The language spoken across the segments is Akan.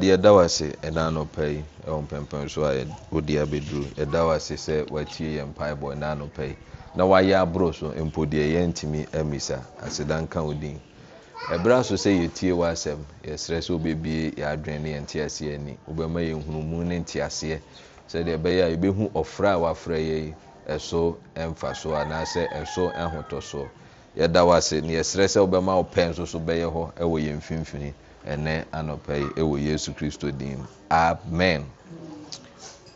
deɛ ɛda wo ase ɛna anɔpa yi ɛwɔ mpɛmpɛn so a wodi abɛduru ɛda wo ase sɛ watie yɛ mpaebɔ ɛna anɔpa yi na wayɛ aborɔ so mpo deɛ yɛntumi amisa aseda nka wo din ɛberɛ so sɛ yɛtie w'asɛm yɛsrɛ sɛ wobɛbie yɛadwene ne yɛnte aseɛ ani wobɛma yɛhunumu ne nteaseɛ sɛdeɛ ɛbɛyɛ a yɛbɛhu ɔfrɛ a wafrɛ yɛ yi ɛso ɛmfa so anaasɛ ɛso ɛhotɔ soɔ yɛda wo ase na yɛsrɛ sɛ wobɛma wo pɛ nso so bɛyɛ hɔ ɛwɔ yɛn mfimfini ɛnɛ anɔpa yi ɛwɔ yesu kristo dim amen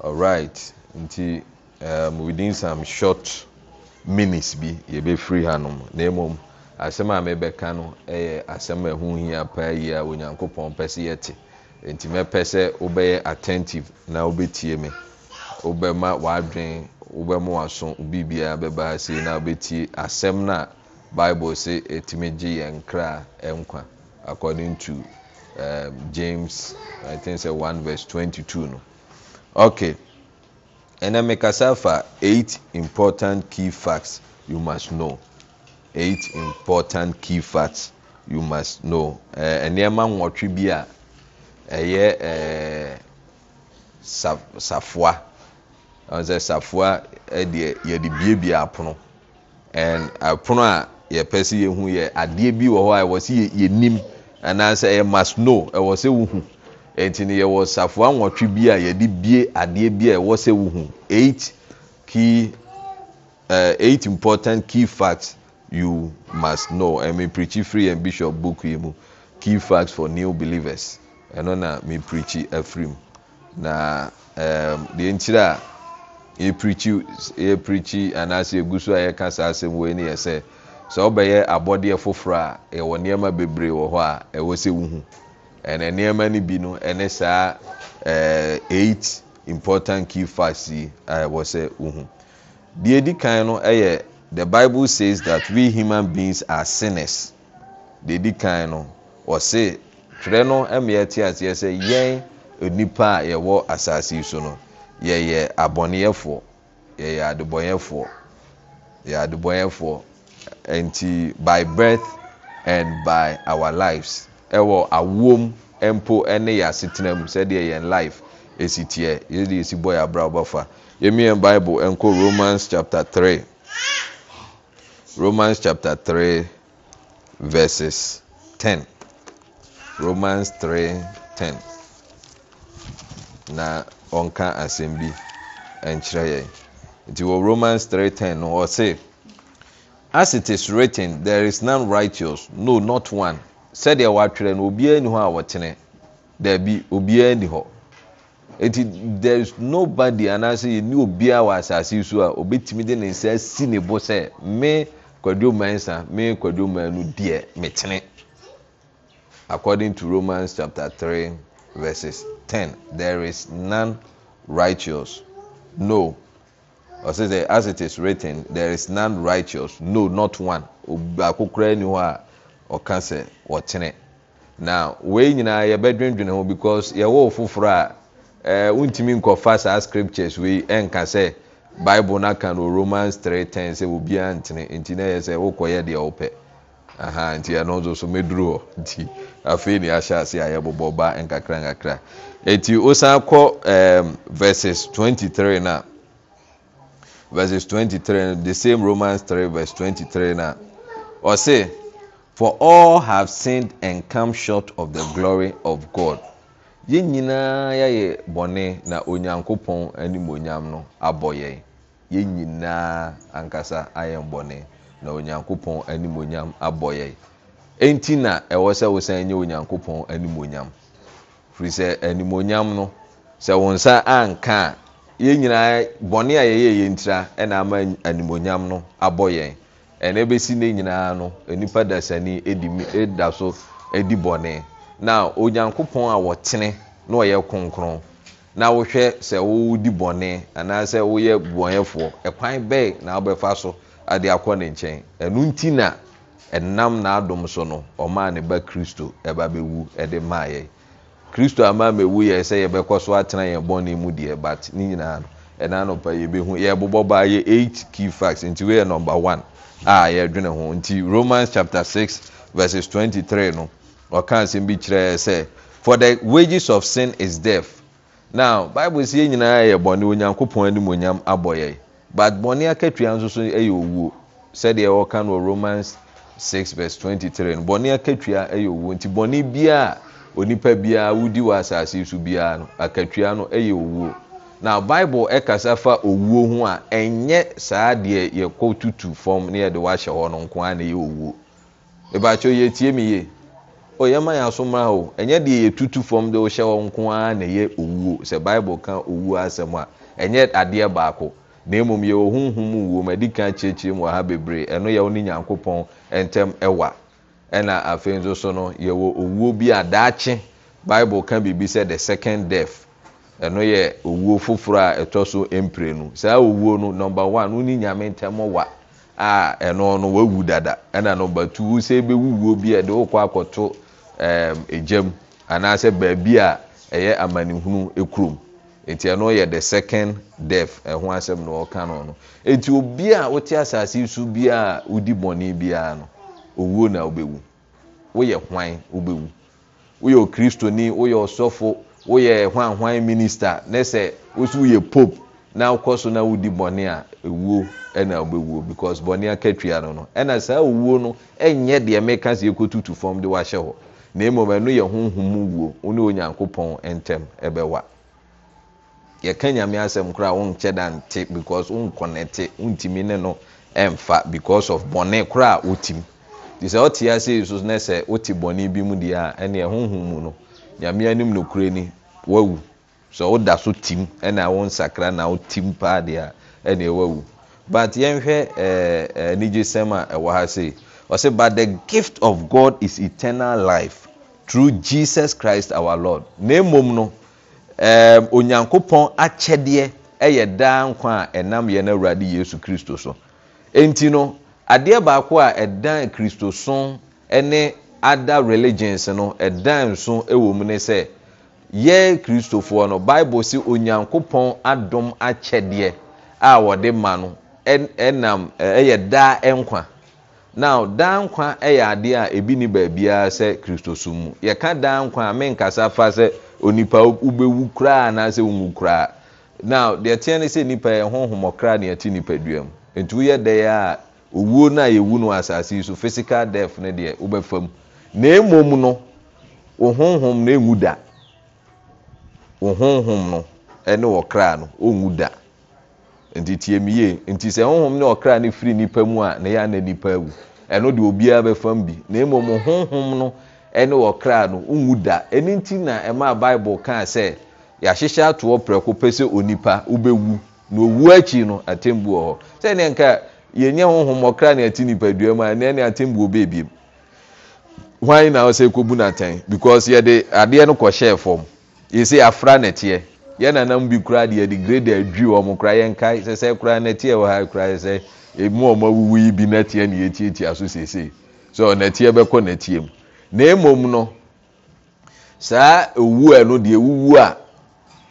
alright nti um, within some short minutes bi yɛbɛfiri hanom na mmom asɛm a mebɛka no ɛyɛ asɛm a ɛho hia paa yi a onyankopɔn pɛ sɛ yɛte nti mɛpɛ sɛ wobɛyɛ attentive na wobɛtie me wobɛma w'adwen wobɛma w'aso biribiara bɛba ase na wobɛtie asɛm no a bible sɛ ɛtumi gye yɛn nkra nkwa according to Um, james sɛ 1v22 ok ɛna mekasa afa 8 imptt ke facts you m n 8 impt ke facts you ms kno nnoɛma nwɔtwe bi a ɛyɛ safoa ɛ sɛ safoa ɛdeɛ yɛde biebie apono ɛn apono a yɛpɛ sɛ yɛhu yɛ adeɛ bi wɔ hɔ a ɛwɔ sɛ yɛnim anaasɛ ɛyɛ must know ɛwɔ sɛ wohu ɛnti no yɛwɔ safoa nwɔtwe bi a yɛde bie adeɛ bi a ɛwɔ sɛ wohu eight key uh, eight important key facts you must know ɛmi preach free and bishop book yi mu key facts for new believers ɛno na mi preach afiri mu na um, deɛ nkyerɛ a yɛ preach yɛ preach anaasɛ egu so a yɛka saa asɛm wɔ yi ni yɛ sɛ sɛ wobɛyɛ abɔdeɛ foforɔ a yɛwɔ nnoɔma bebree wɔ hɔ a ɛwɔ sɛ wohu ɛna nnoɔma no bi no ɛne saa eh, eight important key facts yi a ɛwɔ sɛ wohu deɛ di kan no ɛyɛ the bible says that we human beings are sinners deɛ di kan no ɔse twerɛ no mmeɛ te aseɛ sɛ yɛn onipa a yɛwɔ asase yi so no yɛyɛ abɔneɛfoɔ yɛyɛ adebɔyɛfoɔ yɛ adebɔyɛfoɔ nti by birth and by our lives ɛwɔ awom mpo ɛne yɛ asetena mu sɛdeɛ yɛn life esi teɛ yɛde esi bɔ yɛ abrabɔ fa yɛmiɛ bible nkɔ romans chapter three romans chapter three verses ten romans three ten na ɔnka asɛm bi nkyerɛ yɛn nti wɔ romans three ten no ɔse as it is written there is none righteous no not one sɛdeɛ wɔatwerɛ no obiara ni hɔ a wɔtene daabi obiara ni hɔ eti there is nobody anaasɛ yɛ ni obiara wɔ asase so a obetumi de ne nsa si ne bo sɛ me kwadwoma nsa me kwadwoma no deɛ metene according to Romans chapter three verses ten there is none righteous no ɔsi sɛ as it is written there is none righteous no not one baako koraa ni hɔ a ɔka sɛ ɔtene na wei nyinaa yɛbɛdwendwene ho because yɛwɔ foforɔ a ɛɛ eh, ntumi nkɔfa saa scriptures wei ɛnka sɛ bible n'aka no romans three ten sɛ obiara ntene nti na yɛ sɛ wokɔyɛ deɛ wopɛ aha nti ɛno nso so meduru hɔ nti afei na yɛahyɛ ase a yɛbobɔ ba nkakra nkakra eti osan kɔ ɛɛm verses twenty three na verses 23 the same romans 3 verse 23 na say, for all have sinned and come short of the glory of god yɛn nyinaa yɛayɛ bɔne na onyankopɔn animonyam no abɔ yɛn yɛn ankasa ayɛ bɔne na onyankopɔn animonyam abɔ yɛn enti na ɛwɔ sɛ wosan nyɛ onyankopɔn animonyam firi sɛ animonyam no sɛ wɔn anka yɛn nyinaa bɔne a yɛyɛ yɛ ntira na ama animonyam no abɔ yɛn ɛna ɛbɛsi ne nyinaa no nipa dasani da so edi bɔne na onyankopɔn a wɔtene na ɔyɛ kronkron na wohwɛ sɛ wodi bɔne anaasɛ woyɛ bɔyɛfoɔ ɛkwan bɛɛ na wobɛfa so ade akɔ ne nkyɛn ɛno nti na ɛnam naadom so no ɔmaa ne ba kristo ɛba bɛwu ɛde maayɛ kristo ama mewu yɛ sɛ yɛbɛkɔ so atena yɛn bɔne mu deɛ but ne nyinaa no ɛna anɔpa yɛbɛhu yɛbobɔ baa yɛ eight key facts nti wei number one a yɛdwene ho nti romans chapter six verses twenty-three no ɔka asɛm bi kyerɛ sɛ for the wages of sin is death now bible si yɛn nyinaa yɛ bɔne onyankopɔn anim onyam abɔ yɛ but bɔne akatua nso so yɛ owuo sɛdeɛ wɔka no wɔ romans six verse twenty-three no bɔne akatua yɛ owuo nti bɔne biara. onipa biara wodi wɔ asase y so biara no akatwia no ɛyɛ owuo na bible ɛkasa fa owuo ho a ɛnyɛ saa deɛ yɛkɔ tutu fam na yɛde wahyɛ hɔ no nko ara na yɛ owuo ɛbɛakyɛ yɛtie me yie yɛma yɛ aso mmra o ɛnyɛ deɛ yɛtutu fam de wohyɛ hɔ nko ara na yɛ owuo sɛ bible ka owuo asɛm a ɛnyɛ adeɛ baako na mmom yɛwɔ honhom wuo ma ɛdi ka kyerɛkyerɛ mu wɔ ha bebree ɛno yɛwo ne nyankopɔn ɛntɛm ɛwa ɛna afei nso so no yɛwɔ owuo bi a daakye bible ka biribi sɛ the second death ɛno yɛ owuo foforɔ a ɛtɔ so mpire no saa owuo no number one no ni nyame ntɛm wa a ɛno no wawu dada ɛna number two sɛ ebɛwu wuo bi a ɛde wokɔ akɔto ɛɛm egyam anaasɛ baabi a ɛyɛ amanehunu ekurom nti ɛno yɛ the second death ɛho asɛm na ɔka no no nti obi a wote asase so bi a wodi bɔnne biara no. Owu na wobɛwu woyɛ hwan wobɛwu woyɛ okristoni woyɛ ɔsɔfo woyɛ hwanhwan minista ne sɛ woso woyɛ pope na wokɔ so na wodi bɔne a ɛwuo na wobɛwuo because bɔne akatua no no ɛna saa owu no ɛnyɛ deɛ meka si yɛkɔtutu fam de wahyɛ hɔ na mmom ɛno yɛ honhom wuo wo ne onyankopɔn ntɛm ɛbɛwa yɛka nyame asɛm koraa wonkyɛ da nte because wonkɔnɛte wontimi ne no ɛmfa because of bɔne koraa wotim nti sɛ ɔte ase yi so ne sɛ wote bɔne bi mu deɛ a ɛne ɛhohom mu no nyame anim nokorɛ ni wawu sɛ woda so tim ɛna wo nsakra na wotim paa deɛ a ɛne wawu but yɛnhwɛ anigyesɛm a ɛwɔ ha sei ɔsɛ but the gift of god is eternal life through jesus christ our lord Ne mmom no onyankopɔn akyɛdeɛ ɛyɛ daa nkwa a ɛnam yɛn awurade yesu kristo so enti no adeɛ baako a ɛdan kristo kristosom ne ada religions no ɛdan nso wɔ mu ne sɛ yɛ kristofoɔ no bible si onyankopɔn adom akyɛdeɛ a wɔde ma no ɛnam ɛyɛ daa nkwa now daa nkwa yɛ adeɛ a ebi ni baabiara sɛ kristosom mu yɛka daa nkwa a menkasa fa sɛ onipa wobɛwu koraa anaasɛ wowu koraa now deɛ teɛ ne sɛ nipa yɛ honhomɔkra ne yɛte nipadua mu etu woyɛ dɛ yɛ a owuo no a yɛwu no asase yi so physical deaf no deɛ wobɛfam na mmom no wo honhom no ɛwu da wo honhom no ɛne ɔkra no ɔwu da nti tiemyie nti sɛ honhom ne ɔkra no firi nnipa mu a na yɛ ana nnipa awu ɛno deɛ obiara bɛfam bi na mmom honhom no ɛne ɔkra no ɔwu da ɛno nti na ɛmaa bible kaa sɛ yɛahyehyɛ atoɔ prɛko pɛ sɛ onipa wobɛwu na ɔwu akyi no atembu wɔ hɔ ne nka yɛn nyɛ honhom ɔkra ne ati nipadua mu a ɛnɛ ne atem wɔ beebi mu hwan na ɔsɛ kɔbu n'atɛn because yɛde adeɛ no kɔhyɛɛ fam yɛsɛ afra nɛteɛ yɛn nanam bi kura deɛ yɛde grade adwi wɔn kura yɛn ka sɛsɛ kura nɛteɛ wɔ ha kura sɛ emu a awuwu yi bi nɛteɛ ne yɛtiatia so sese so nɛteɛ bɛkɔ nɛteɛ mu na emom no saa owu ɛno deɛ wuwu a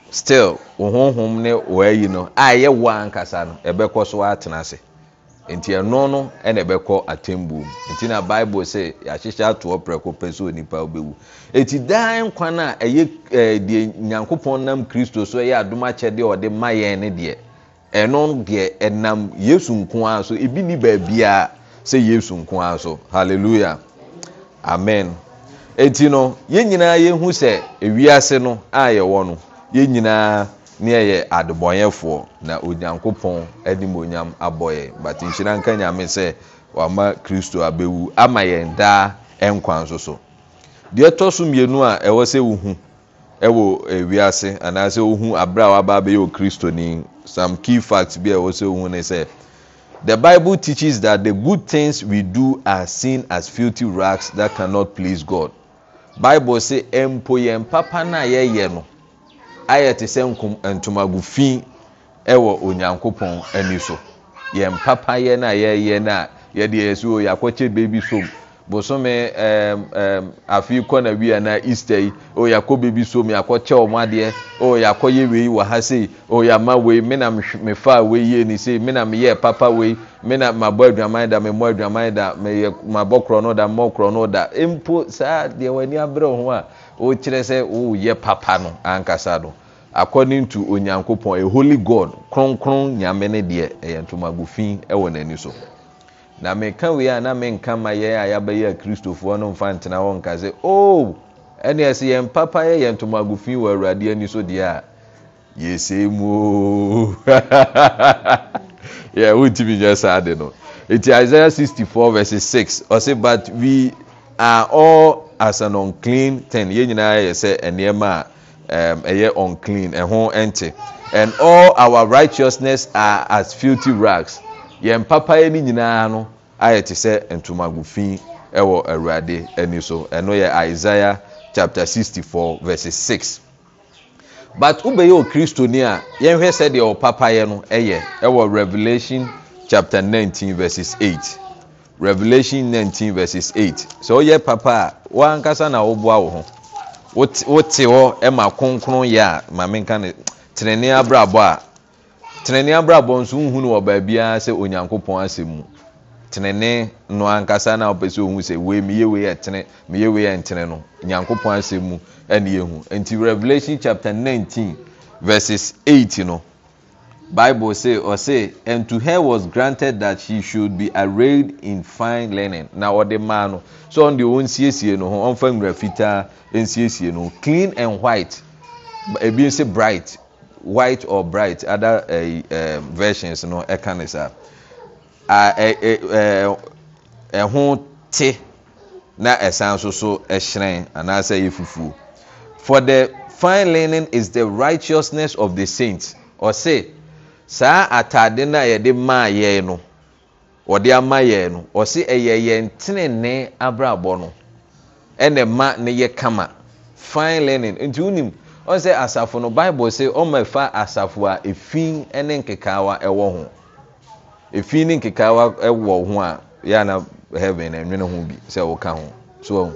still ohonhom ne wɔayi no a ɛyɛ wɔ ankasa no ɛbɛkɔ e so atena ase. nti ɛno no ɛna ɛbɛkɔ atembu nti na bible sɛ yɛahyehyɛ atoɔ prɛko pɛ sɛ onipa wobɛwu Eti daa nkwan a ɛyɛ deɛ nyankopɔn nam kristo so ɛyɛ adom akyɛdeɛ ɔde ma yɛn ne deɛ ɛno deɛ ɛnam yesu nko ara so ebi ni sɛ yesu nko ara so amen no yɛn ne ɛyɛ adebɔyɛfoɔ na onyankopɔn de ma onyam abɔyɛ but nhyira nka nyame sɛ wama kristo abɛwu ama yɛn daa nkwa nso so deɛ ɛtɔ so mmienu a ɛwɔ sɛ wohu ɛwɔ ewiase eh, anaasɛ wohu abere a waba abɛyɛ okristo ni some key facts bi a ɛwɔ sɛ wohu ne sɛ the bible teaches that the good things we do are seen as filthy rags that cannot please god bible say mpo yɛn papa na yɛyɛ no. ayɛ te sɛ ntomago fi ɛwɔ onyankopɔn ani so yɛn papa yɛ no a yɛyɛ no a yɛde yɛsi o yɛakɔkyɛ beebi som bosome afei kɔ na wia na easter yi o y'akɔ beebi som yɛakɔkyɛ ɔmo adeɛ o yɛakɔyɛ wei wɔ ha sei o yama wei mena mefa wei yie ni sei mena meyɛ papa wei mena mabɔ aduaman da memmɔ aduaman da meyɛ mabɔ korɔ no da mmɔ korɔ no da mpo saa deɛ w'ani abrɛ ho a. ɔkyerɛ sɛ woeyɛ papa no ankasa no according to onyankopɔn a holy god kronkron nyame ne deɛ ɛyɛ ntomago fi wɔ n'ani so na meka wei a na menka ma yɛn a yɛabɛyɛ a kristofoɔ no mfa ntena hɔ nka sɛ o oh, ɛne ɛsɛ yɛn papa yɛ yɛn ntomago fi wɔ awurade ani so deɛ a yɛsɛe mu yɛ wontumi nyɛ saa de no eti isaiah sixty four verse six ɔsɛ but we are all as an unclean thing yɛn nyinaa yɛ sɛ nneɛma a um, ɛyɛ unclean ɛho ɛnte and all our righteousness are as filthy rags yɛn papa no nyinaa no ayɛ te sɛ ntomago fi ɛwɔ awurade ani so ɛno yɛ Isaiah chapter sixty four verse six but wobɛyɛ okristoni a yɛnhwɛ sɛdeɛ ɔpapaeɛ no ɛyɛ ɛwɔ Revelation chapter nineteen verses eight. revelation 19 verses 8 papa a ankasa na woboa wo ho wote hɔ ma kronkron yɛ a mamenka no tenene abrabọ a tenene abrabọ nso wohu baabi a baabiara sɛ onyankopɔn asɛm mu ankasa na wopɛ sɛ ohu sɛ wei meyɛwei wee meyɛwei ɛntene no nyankopɔn mu nti revelation chapter 19 verses 8 bible say or say, and to her was granted that she should be arrayed in fine linen na ɔde maa no so on the wɔn siesie no ho ɔnfa nwura fitaa nsiesie no clean and white ebi nso bright white or bright other uh, uh, versions no ɛka ne saa a ɛho te na ɛsan eh, so so ɛhyerɛn anaasɛ ɛyɛ fufuo for the fine linen is the righteousness of the saints say. saa atade na a yɛde maa yɛn no ɔde ama yɛn no ɔse ɛyɛ yɛn tenene abrabɔ no ɛna ma ne yɛ kama fine learning nti wonim ɔn sɛ asafo no bible sɛ ɔma ɛfa asafo a ɛfi ne nkekaawa ɛwɔ ho ɛfi ne nkekaawa ɛwɔ ho a yɛana heaven ɛnwene ho bi sɛ ɔka ho so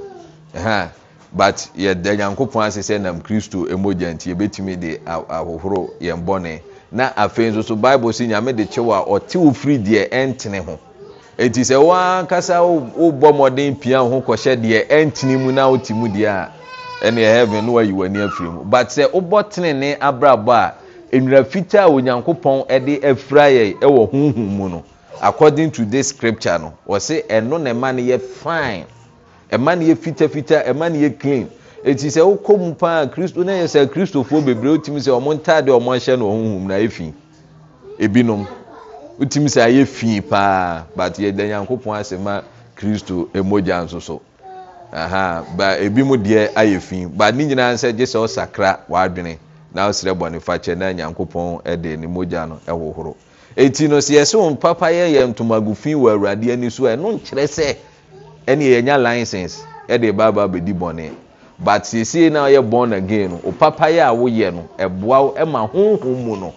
ɛha but yɛda nyankopɔn ase sɛ nam kristo mogya nti yɛbɛtumi de ahohoro yɛn bɔne na afei nso so bible si nyame de kyew a ɔte wo deɛ ɛntene ho eti sɛ woankasa wobɔ mmɔden pia wo ho kɔhyɛ deɛ ɛntene mu na woti mu deɛ a ɛne heaven no wayi w'ani afiri mu but sɛ wobɔ tenene abrabɔ a nnwira fitaa a onyankopɔn ɛde afira yɛ ɛwɔ honhum mu no according to this scripture no ɔse ɛno na ɛma no yɛ fine ɛma no yɛ fitafita ɛma no yɛ clean Eti sɛ wokɔ mu paa kristo na yɛ sɛ kristofoɔ bebree timi sɛ ɔmo ntaade ɔmo ahyɛ no ɔmo hum na efi ebinom wotumi sɛ ayɛ fi paa but yɛ da nyankopɔn ase ma kristo emogya nso aha ba ebi mu deɛ ayɛ fi ba ne nyinaa nsɛ gye sɛ ɔsakra wadwene na ɔsrɛ bɔ ne fakyɛ na nyankopɔn ɛde ne mogya no ɛhohoro eti no sɛ yɛsɛ wɔn papa yɛ yɛ ntomago fi wɔ awurade ni so ɛno nkyerɛ sɛ ɛne yɛnya license ɛde baaba abɛdi bɔnee but seesei na ɔyɛ born again no opapayɛ e a woyɛ no ɛboa wo e ma honhom mu no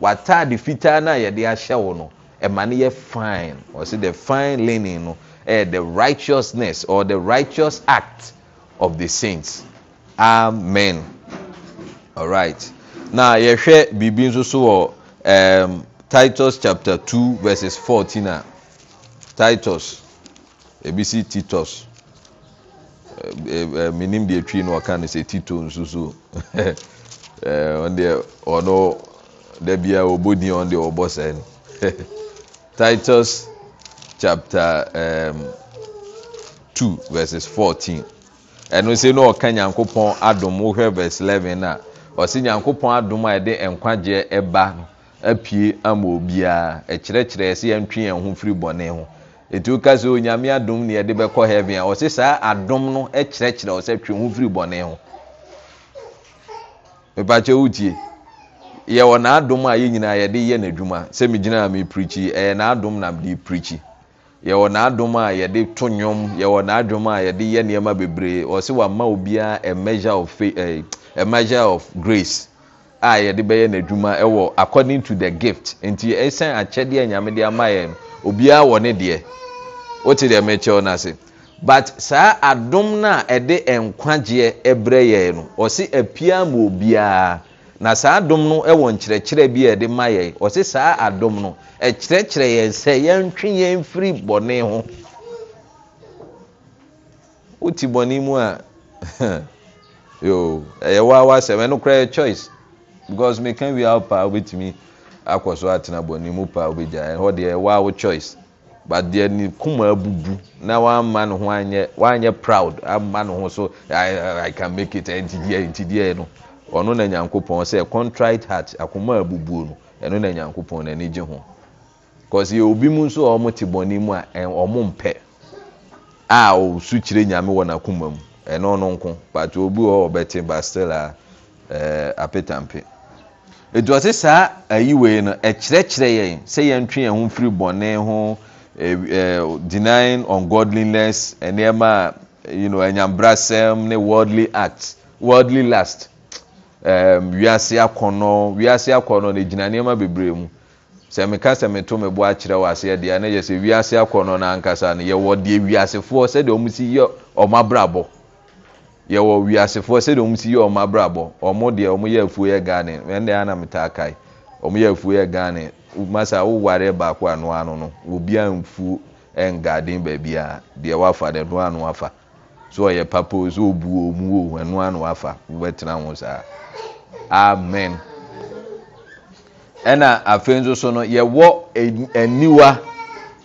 wataade fitaa no a yɛde ahyɛ wo no ɛma e no yɛ fine ɔsɛ the fine linen. no ɛyɛ the righteousness or the righteous act of the saints amen alright na yɛhwɛ biribi nso so wɔ um, titus chapter two verses fourteen ah. a titus ebi si titus. Eh, eh, menim deɛ twii no ɔka no sɛ tito nsusuooɔnodeɛ ɔn da biaa ɔbɔdin ɔno deɛ wɔbɔ sae no titus cp2:v14 ɛno sɛ ne ɔka nyankopɔn adom wo hwɛ vs 11 a ɔsɛ nyankopɔn adom a ɛde nkwagyeɛ ɛba apue amaobiaa ɛkyerɛkyerɛɛ sɛ yɛntwen yɛ ho firi bɔne ho etu ka sɛ onyame adom ne yɛde bɛkɔ saa adum no ho firi ho yɛwɔ a yɛ nyinaa yɛde yɛ n'adwuma sɛ ɛyɛ na mede prikyi yɛwɔ n'adom a yɛde to nnwom yɛwɔ n'adom a yɛde yɛ nneɛma bebree ɔse wama obiara a measure of faith a measure of grace a yɛde bɛyɛ n'adwuma ɛwɔ according to the gift nti akyɛdeɛ nyame de ama yɛn obiara wɔ ne deɛ wote deɛ mekyɛw kyɛw n'ase. but saa adom no a ɛde nkwagyeɛ ɛbrɛ yɛn no ɔsi apia mu obiara na saa adom no ɛwɔ nkyerɛkyerɛ bi a ɛde ma yɛn Ɔsi saa adom no ɛkyerɛkyerɛ yɛn sɛ yɛntwi yɛn firi bɔne ho O ti bɔne mu a yoo, ɛyɛ woa wasɛm ɛno koraa yɛ choice because meka wie a wo paa wobɛtumi akɔ so atena bɔne mu paa wobɛgyaɛ hɔ deɛ waa wo choice but deɛ ne kuma abubu na wama ne ho anyɛ wanyɛ proud ama ne ho so I, I can make it ɛntideɛ ɛntideɛ no ɔno na nyankopɔn sɛ contrite heart akoma abubuo no ɛno na nyankopɔn n'ani gye ho cause yɛ obi mu nso a ɔmo te bɔne mu a ɔmo mpɛ a ɔsu kyerɛ nyame wɔ n'akoma mu ɛno no nko but obi wɔ ɔbɛte but still a ɛɛ apetampe. ɛtoɔse saa ayiwei no ɛkyerɛkyerɛ yɛ sɛ yɛ ntwe yɛ ho mfiri bɔne ho eh, eh, dening on goldly ness nnoɔmaa anyambrasɛm ne worldly act worldly last wiase akɔnnɔ wiase akɔnnɔ no gyina nnoɔma bebree mu sɛ meka sɛ meto mebo akyerɛ wɔ aseɛdeɛ na gyɛ sɛ wiase akɔnnɔ no ankasa no yɛwɔ deɛ wiasefoɔ sɛdeɛ ɔmusi yɛ ɔmabrabɔ yɛwɔ wiasefoɔ sɛdeɛ ɔm si yɛ ɔm abrabɔ ɔmo deɛ ɔmo yɛ afuo yɛ ghane ɛnde anamtaa kae ɔmo yɛ afuo yɛ ghane masa wowareɛ baako a noa no no obia mfuo ɛngaden baabi a deɛ wafa deɛ noa no afa so ɔyɛ papa o so obu omu o ɛnoa no afa wobɛtena ho saa amen ɛna afei nso so no yɛwɔ aniwa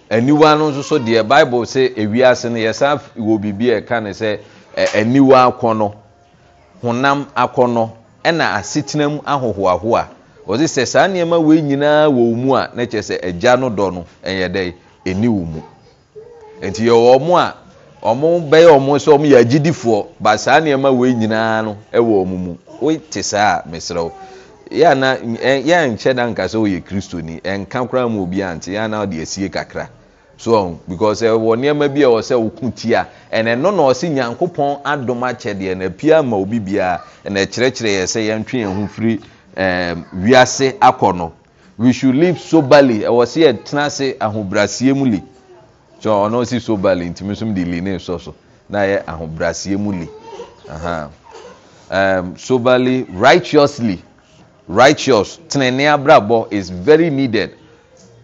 aniwa no nso so deɛ bible sɛ ewiase no yɛsan wɔ biribi a ɛka ne sɛ aniwa akɔnɔ honam akɔnɔ ɛna asetenam ahohoaho a ɔse sɛ saa nneɛma wei nyinaa wɔ mu a na kyerɛ sɛ agya no dɔ no ɛyɛ dɛ ɛni wo mu ɛnti yɛwɔ mo a ɔmo bɛyɛ ɔmo sɛ ɔmo yɛ agyidifoɔ ba saa nneɛma wei nyinaa no ɛwɔ ɔmo mu wote saa a mesrɛ wo yɛa nkyɛ da nka sɛ woyɛ kristoni ɛnka koraa ma obi ante yɛa na ɔde asie kakra Um, becauswɔ eh, nneɔma bia ɔwɔ sɛ woku kia ɛn ɛno noɔ se nyankopɔn adom akyɛdeɛ napia ma obibiaa ɛnɛ kyerɛkyerɛ yɛ sɛ yɛntwe yɛho firi eh, wiase akɔ no weshou liave soberley ɔwɔ seyɛ tena se ahobraseɛ muli ɔns sberly ntimisode linessonayɛahobrseɛ muli um, sbrly rightously rightous teneneabrabɔ is very neded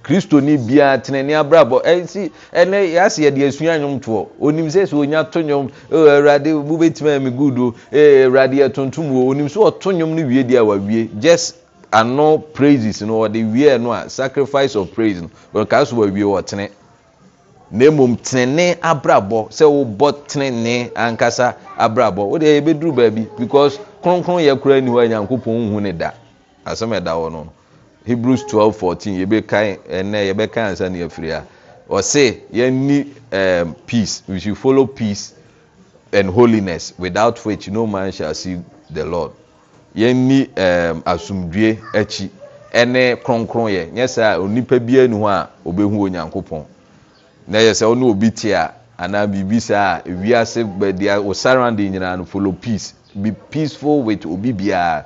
Kristo ni biara tenani abrabɔ ɛsi ɛnɛ yasi yɛ deɛ esua nyɔntoɔ onim sɛ sɛ onya to nyɔm ɛɛ ɛwurade mo bɛ tuma mi gudu ɛɛ ɛwurade yɛ tuntum wo onim sɛ ɔto nyɔm no wie deɛ wawie just ano praises no ɔde wie no a sacrifice of praise no ɔka so wawie ɔtene na emom tenani abrabɔ sɛ wobɔ tenani ankasa abrabɔ o deɛ yɛ baabi because kronkron yɛ kura ni hɔ nyankopɔn ohun ne da asɛm ɛda hɔ no hebrews 12:14 yɛbɛkan ɛnɛ yɛbɛkan ansa ne afiri a ɔse yɛnni um, peace we should follow peace and holiness without which no man shall see the lord yɛnni um, asomdue akyi ɛne kronkron yɛ nyɛ saa onipa bia ni ho a ɔbɛhu onyankopɔn na yɛ sɛ ɔne obi te a anaa biribi saa a ewiase bɛdeɛ o surrounding nyinaa no follow peace be peaceful with obi biara.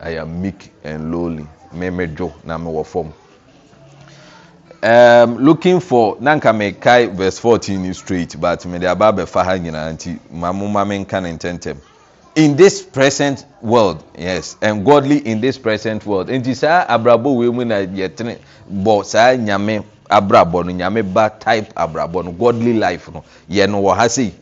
I am meek and lowly me me dwo na me wɔ um, looking for na verse fourteen is straight but me de aba abɛfa ha nyinaa nti ma mo ma me in this present world yes and godly in this present world nti saa abrabɔ wei mu na yɛtene bɔ saa nyame abrabɔ no nyame ba type abrabɔ no godly life no yɛ no wɔ ha sei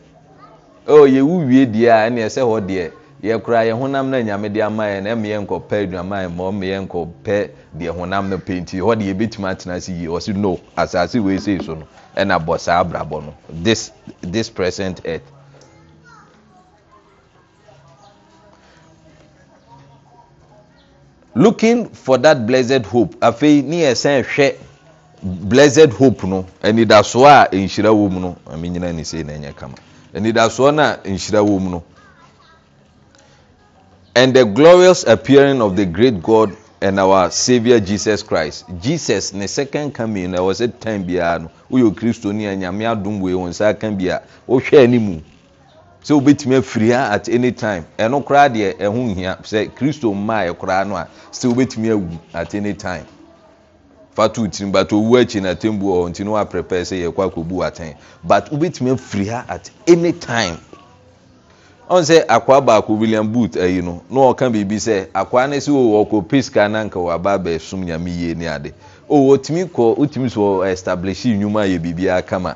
oh yɛwu wie deɛ a ɛna ɛsɛ hɔ deɛ yɛkora yɛ honam no nyame de amayɛ no meyɛ nkɔpɛ aduamayɛ ma ɔmeyɛ nkɔpɛ deɛ honam no pɛ nti hɔ de yɛbɛtumi atena ase yie ɔse no asase wei sei so no ɛna bɔ saa abrabɔ no this this present earth looking for that blessed hope afei ni yɛsan hwɛ blessed hope no anidasoɔ a nhyira wɔ mu no ame nyina ne sei na ɛnyɛ kama anidasoɔ na a nhyira wɔ mu no and the glorious appearing of the great God and our saviour Jesus Christ Jesus ne second coming na ɛwɔ sɛ time biara no woyɛ kristo ni a nyame adum wei wɔn nsa aka bi a wohwɛ anim sɛ wobɛtumi afiri ha at any time ɛno koraa deɛ ɛho hia sɛ kristo mmaa ɛkoraa no a sɛ wobɛtumi awu at any time fatu tirim but owu akyi na tembu ɔwɔ nti no wa prepare sɛ yɛ kɔ akɔbu atɛn but wobɛtumi afiri ha at any time ɔn sɛ akwaa baako william boot ayi eh, no na ɔka biribi sɛ akwaa no sɛ ɔkɔ piska na nka waba abɛsom nyame yie ne ade ɔtumi kọ ɔtumi so eh, establish nnwuma ayɛ biribiara kama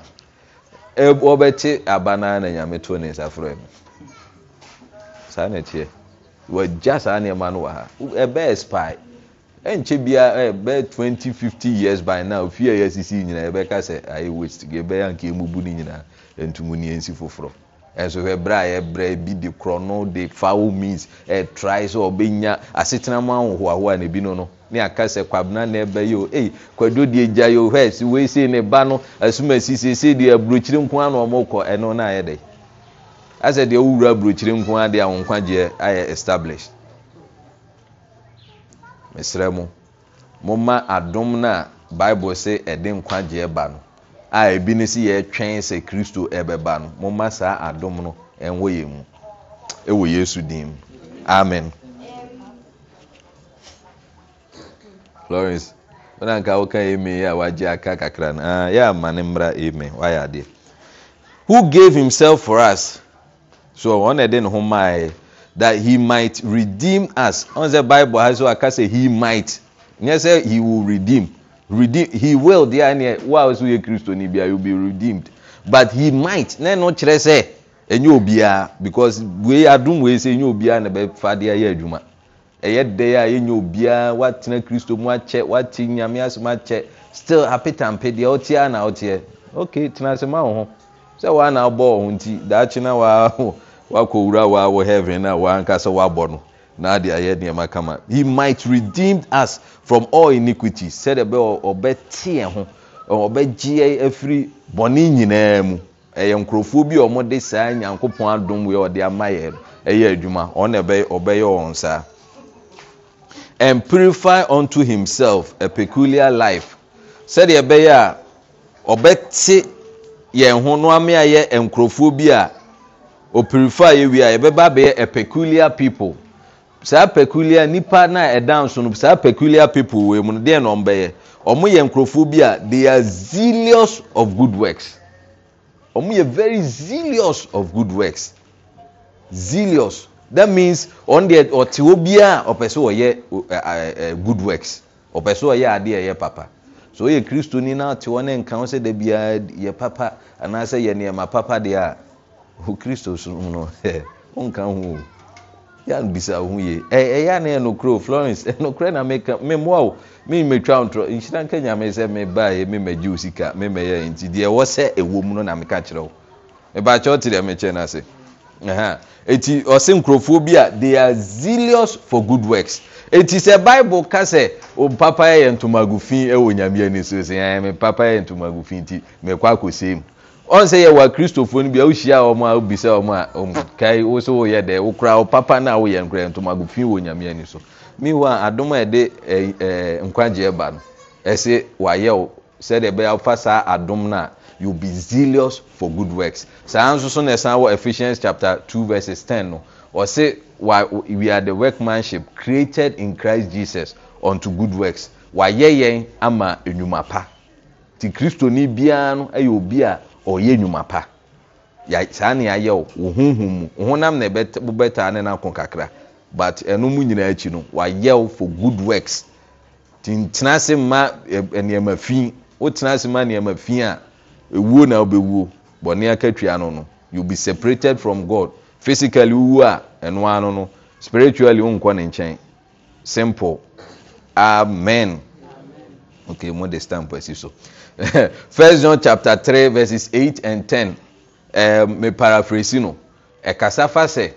ɔbɛte e, aba naa na nyame to ne nsa frɛ no saa na ɛkyeɛ wɔagya saa nneɛma no wɔ ha ɛbɛyɛ spy ɛnkyɛ biara ɛbɛyɛ twenty fifty years by now fie a sisi nyinaa yɛbɛka sɛ ayɛ waste ɛbɛyɛ anka emu bu ne nyinaa ntumu ne yɛnsi foforɔ. ɛnso hwɛ berɛ a yɛbrɛ eh, bi de korɔno de fowl meat ɛtrae eh, sɛ ɔbɛnya asetenam ahohoaho a na-ebi no no aka sɛ kwabena ne ɛbɛyɛ o ei kwadwo di gya yɛ o si wei sei ne ba no asum asi seesei di aburokyire nko ara na ɔmo na ayɛ dɛ asɛ deɛ wowura aburokyire nko ara mo a bible sɛ ba no a ebi no si yɛtwɛn sɛ kristo ɛbɛba no momma saa adom no ɛnwɔ yɛ mu ɛwɔ yesu din mu amen florence wọn anka woka eme a wagye aka kakra no ah yɛ ama ne mmra eme wayɛ adeɛ who gave himself for us so wɔn na ɛde ne ho maa yɛ that he might redeem us ɔn sɛ bible ha so aka sɛ he might nyɛ sɛ he will redeem redeemed he will deɛ neɛ wo a wɔsɛ woyɛ kristo ni bia you be redeemed but he might na ɛno kyerɛ sɛ ɛnyɛ obiara because we adum wei sɛ ɛnyɛ obiara na bɛfa deɛ ayɛ adwuma ɛyɛ e dɛ a ɛnyɛ obiara watena kristo mu akyɛ wate nyame asɛm akyɛ still apetampe deɛ ɔte a na ɔteɛ okay tena asɛm awo ho sɛ waa na abɔ ɔho nti daakye na waa wakɔ wura waa wɔ heaven na wa waa nkasa wabɔ no na ade ayɛ nneɛma kama he might redeem us from all iniquity sɛdeɛ bɛ ɔbɛteɛ ho ɔbɛgye afiri bɔne nyinaa mu ɛyɛ eh, nkurɔfoɔ bi a wɔde saa nyankopɔn adom wei ɔde ama yɛ ɛyɛ eh, adwuma ɔno ɛbɛyɛ ɔbɛyɛ wɔn saa and purify unto himself a peculiar life sɛdeɛ ɛbɛyɛ a ɔbɛte yɛn ho no ame ayɛ nkurɔfoɔ bi a ɔpurify yɛ wie a yɛbɛba abɛyɛ a peculiar people saa peculiar nipa na ɛdan so no saa peculiar people wɔ mu no deɛ na ɔmbɛyɛ ɔmo yɛ nkurɔfoɔ bi a they are zealous of good works ɔmo yɛ very zealous of good works zealous that means ɔn deɛ ɔte hɔ bia ɔpɛ sɛ ɔyɛ good works ɔpɛ sɛ ɔyɛ adeɛ ɛyɛ papa so ɔyɛ kristoni na ɔte hɔ ne nka ho sɛ dɛbi a yɛ papa anaasɛ yɛ nneɛma papa deɛ a o kristo so no ɔnka ho o yan bisa ohun yie ẹ eh, eh, ya eh, ne ɛnokuro Florence ɛnokuro na meka me mmoa o me mmetwa ntorɔ nhyira nka nyame sɛ me baa yɛ me mɛgye o sika me mɛyɛ nti deɛ ɛwɔ sɛ ɛwɔ mu no na meka kyerɛ wo ɛbaakyɛw e te deɛ mekyɛ no ase eti ɔse nkurɔfoɔ bi a they are zealous for good works eti sɛ Bible ka sɛ o papa yɛ ntomago fi ɛwɔ e nyame ani so sɛ ɛn me papa yɛ ntomago fi nti mɛkɔ akɔsɛm ɔn sɛ yɛ wɔ kristofoɔ no bi a wohyia wɔn a wobisa wɔn a ɔm kae wo so woyɛ dɛ wokura wo papa no a woyɛ nkura ntomago fi wɔ nyame ani so meanwhile adom a yɛde ɛɛ nkwagyeɛ ba no ɛsɛ wayɛ wo sɛdeɛ ɛbɛyɛ afa saa adom no you be zealous for good works saa nso so na ɛsan wɔ Ephesians chapter two verses ten no ɔsɛ wa we are the workmanship created in Christ Jesus unto good works wayɛ yɛn ama enyuma ti kristoni biara no ɛyɛ obi a ɔyɛ nnwuma pa saa ne ayɛ o wo honhom mu wo honam na wobɛtaa ne nako kakra but ɛno mu nyinaa akyi no wayɛ wo for good works ntena ase mma e, e, nneɛma fi wotena ase mma nneɛma fi a ewuo na wobɛwuo bɔne akatwia no no you be separated from God physically wuo a ɛno ano no spiritually wonkɔ ne nkyɛn simple amen okay mo de stamp asi so. first john chapter 3 verses 8 and 10 me paraphrase no ɛkasa fa sɛ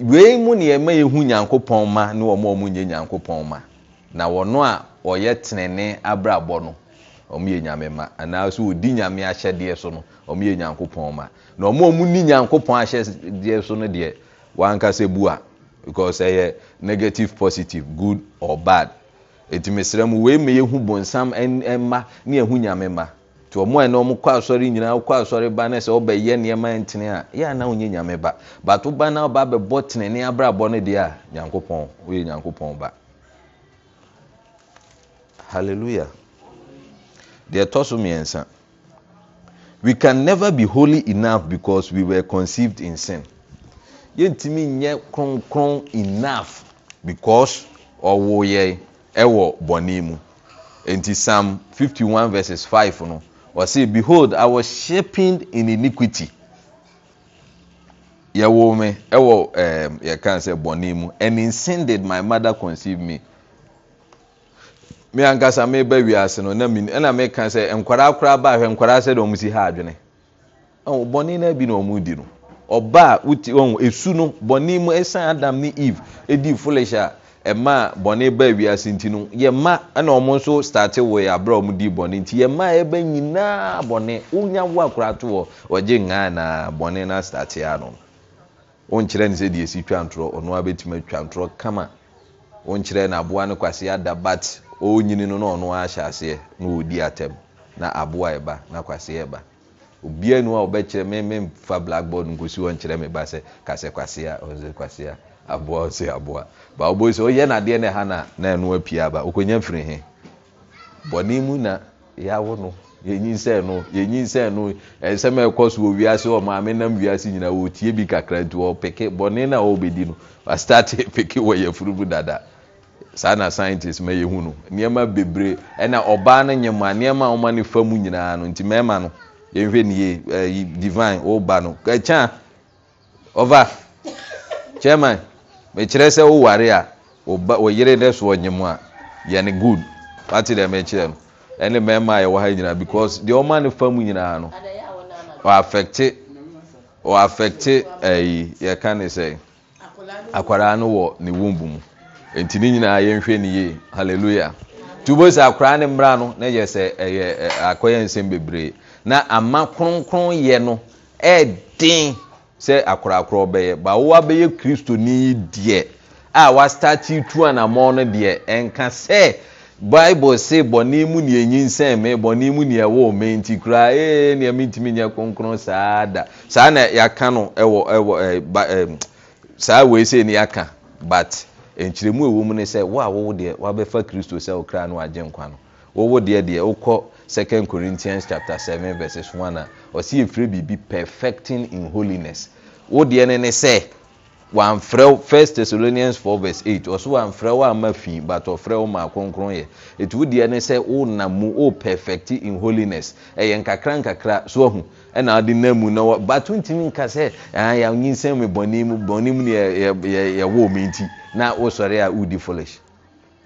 wei mu nneɛma yɛhu nyankopɔn ma ne ɔma ɔmu nyɛ ma na wɔno a ɔyɛ tenene abrabɔ no ɔmyɛ nyame ma anaaso ɔdi nyame ahyɛdeɛ so no ɔmyɛ nyankopɔn ma na ɔma ɔmu ni nyankopɔn ahyɛdeɛ so no deɛ wankasɛ bu a because ɛyɛ ɛti mesrɛ mu wei ma yɛhu bonsam ma ne yɛhu nyame ma nti ɔmo ɛna ɔmo kɔ asɔre nyinaa kɔ asɔre ba ne sɛ ɔbɛyɛ nneɛma ntene a yɛ ana onyɛ nyame ba bato ba na ɔba abɛbɔ tenene abrabɔ no deɛ a nyankopɔn oyɛ nyankopɔn ba hallelujah deɛ ɛtɔ so mmiɛnsa we can never be holy enough because we were conceived in sin yɛntumi nyɛ kronkron enough because ɔwɔ yɛn ɛwɔ bɔne mu nti psalm 51 vs 5 no ɔse behold i was shaped in iniquity yɛwo me ɛwɔ yɛkan sɛ bɔne mu and in sin did my mother conceive me me ankasa meba wiase no na meka sɛ nkwaraa koraa baa hwɛ nkwaraa sɛde ɔmo si ha adwene bɔne no abi na ɔmo di no ɔbaa ɛsu no bɔne mu ɛsan adam ne eve ɛdi foolish a ɛma a bɔne ba awiase nti no yɛma na ɔmo nso starte wɔ yɛ aberɛ ɔmo di bɔne nti yɛma a nyinaa bɔne wonya wo akora to wɔ ɔgye ngaa na bɔne na ya ano wonkyerɛ no sɛ deɛ si twa ntorɔ ɔno abɛtumi atwa ntorɔ kama wonkyerɛ na aboa no kwase ada bat ɔnyini no na ɔno ahyɛ aseɛ na ɔdi atam na aboa ɛba na kwase ɛba obiara nu a ɔbɛkyerɛ me me fa blackboard nkosi wɔnkyerɛ me ba sɛ kase kwase a ɔsɛ kwase a aboa ɔsi aboa ba ɔbɔ sɛ ɔyɛ n'adeɛ na ɛha na na ɛno apie aba okonya firi he bɔnne mu na yawo no yɛnyi nsɛn no yɛnyi nsɛn no ɛnsɛm ɛkɔ so wɔ wiase wɔ maame nam wiase nyinaa wɔtie bi kakra nti ɔpeke bɔnne na ɔbɛdi no wasitate peke wɔ yɛfuru mu dada saa na scientist ma yɛhu no nneɛma bebree ɛna ɔbaa no nyɛma nneɛma a ɔma ne fa nyinaa no nti mɛɛma no yɛnhwɛ ne yie divine ɔba no ɛkyɛn ɔva chairman. mekyerɛ sɛ woware a wɔyere dɛ so ɔnye mu a yɛne good wate dɛ mekyerɛ no ɛne mmarima a yɛwɔ ha nyinaa because deɛ ɔma ne fa mu nyinaa no ɔafɛkte ɔafɛkte ɛyi yɛka ne sɛ akwadaa no wɔ ne wombu mu nti ne nyinaa yɛnhwɛ ne yie hallelujah tubo sɛ akwadaa ne mmra no na yɛ sɛ ɛyɛ akɔyɛ nsɛm bebree na ama kronkron yɛ no ɛɛden. sɛ akorakorɔ bɛyɛ ba wowa bɛyɛ kristoni yi deɛ a wastate tu anammɔn no deɛ ɛnka sɛ bible se bɔne mu neɛnyinsɛn me bɔne mu neɛwɔɔ me nti ee nea mentimi nyɛ kronkron saa da saa na yɛaka no ba wɔ saa wei sei no yɛaka but nkyerɛmu ɛwɔ mu no sɛ wo a wowo deɛ wabɛfa kristo sɛ wo kra no agye nkwa no wowo deɛ deɛ wokɔ 2 corinthians 7:1 ɔsi efiri biribi perfecting in holiness wo deɛ ne ne sɛ wɔamfrɛw first thessalonians four verse eight ɔso wɔamfrɛw a ma fi but ɔfrɛw ma kronkron yɛ etu wo deɛ ne sɛ wo nam mu wo perfect in holiness ɛyɛ nkakra nkakra so ɔho ɛna ɔde nam mu na wɔ but ntumi nka sɛ ɛn ah, yɛn nyinsɛn mi bɔnne mu bɔnne mu ni yɛ yɛ yɛ wɔ omi nti na wosɔre a wodi foolish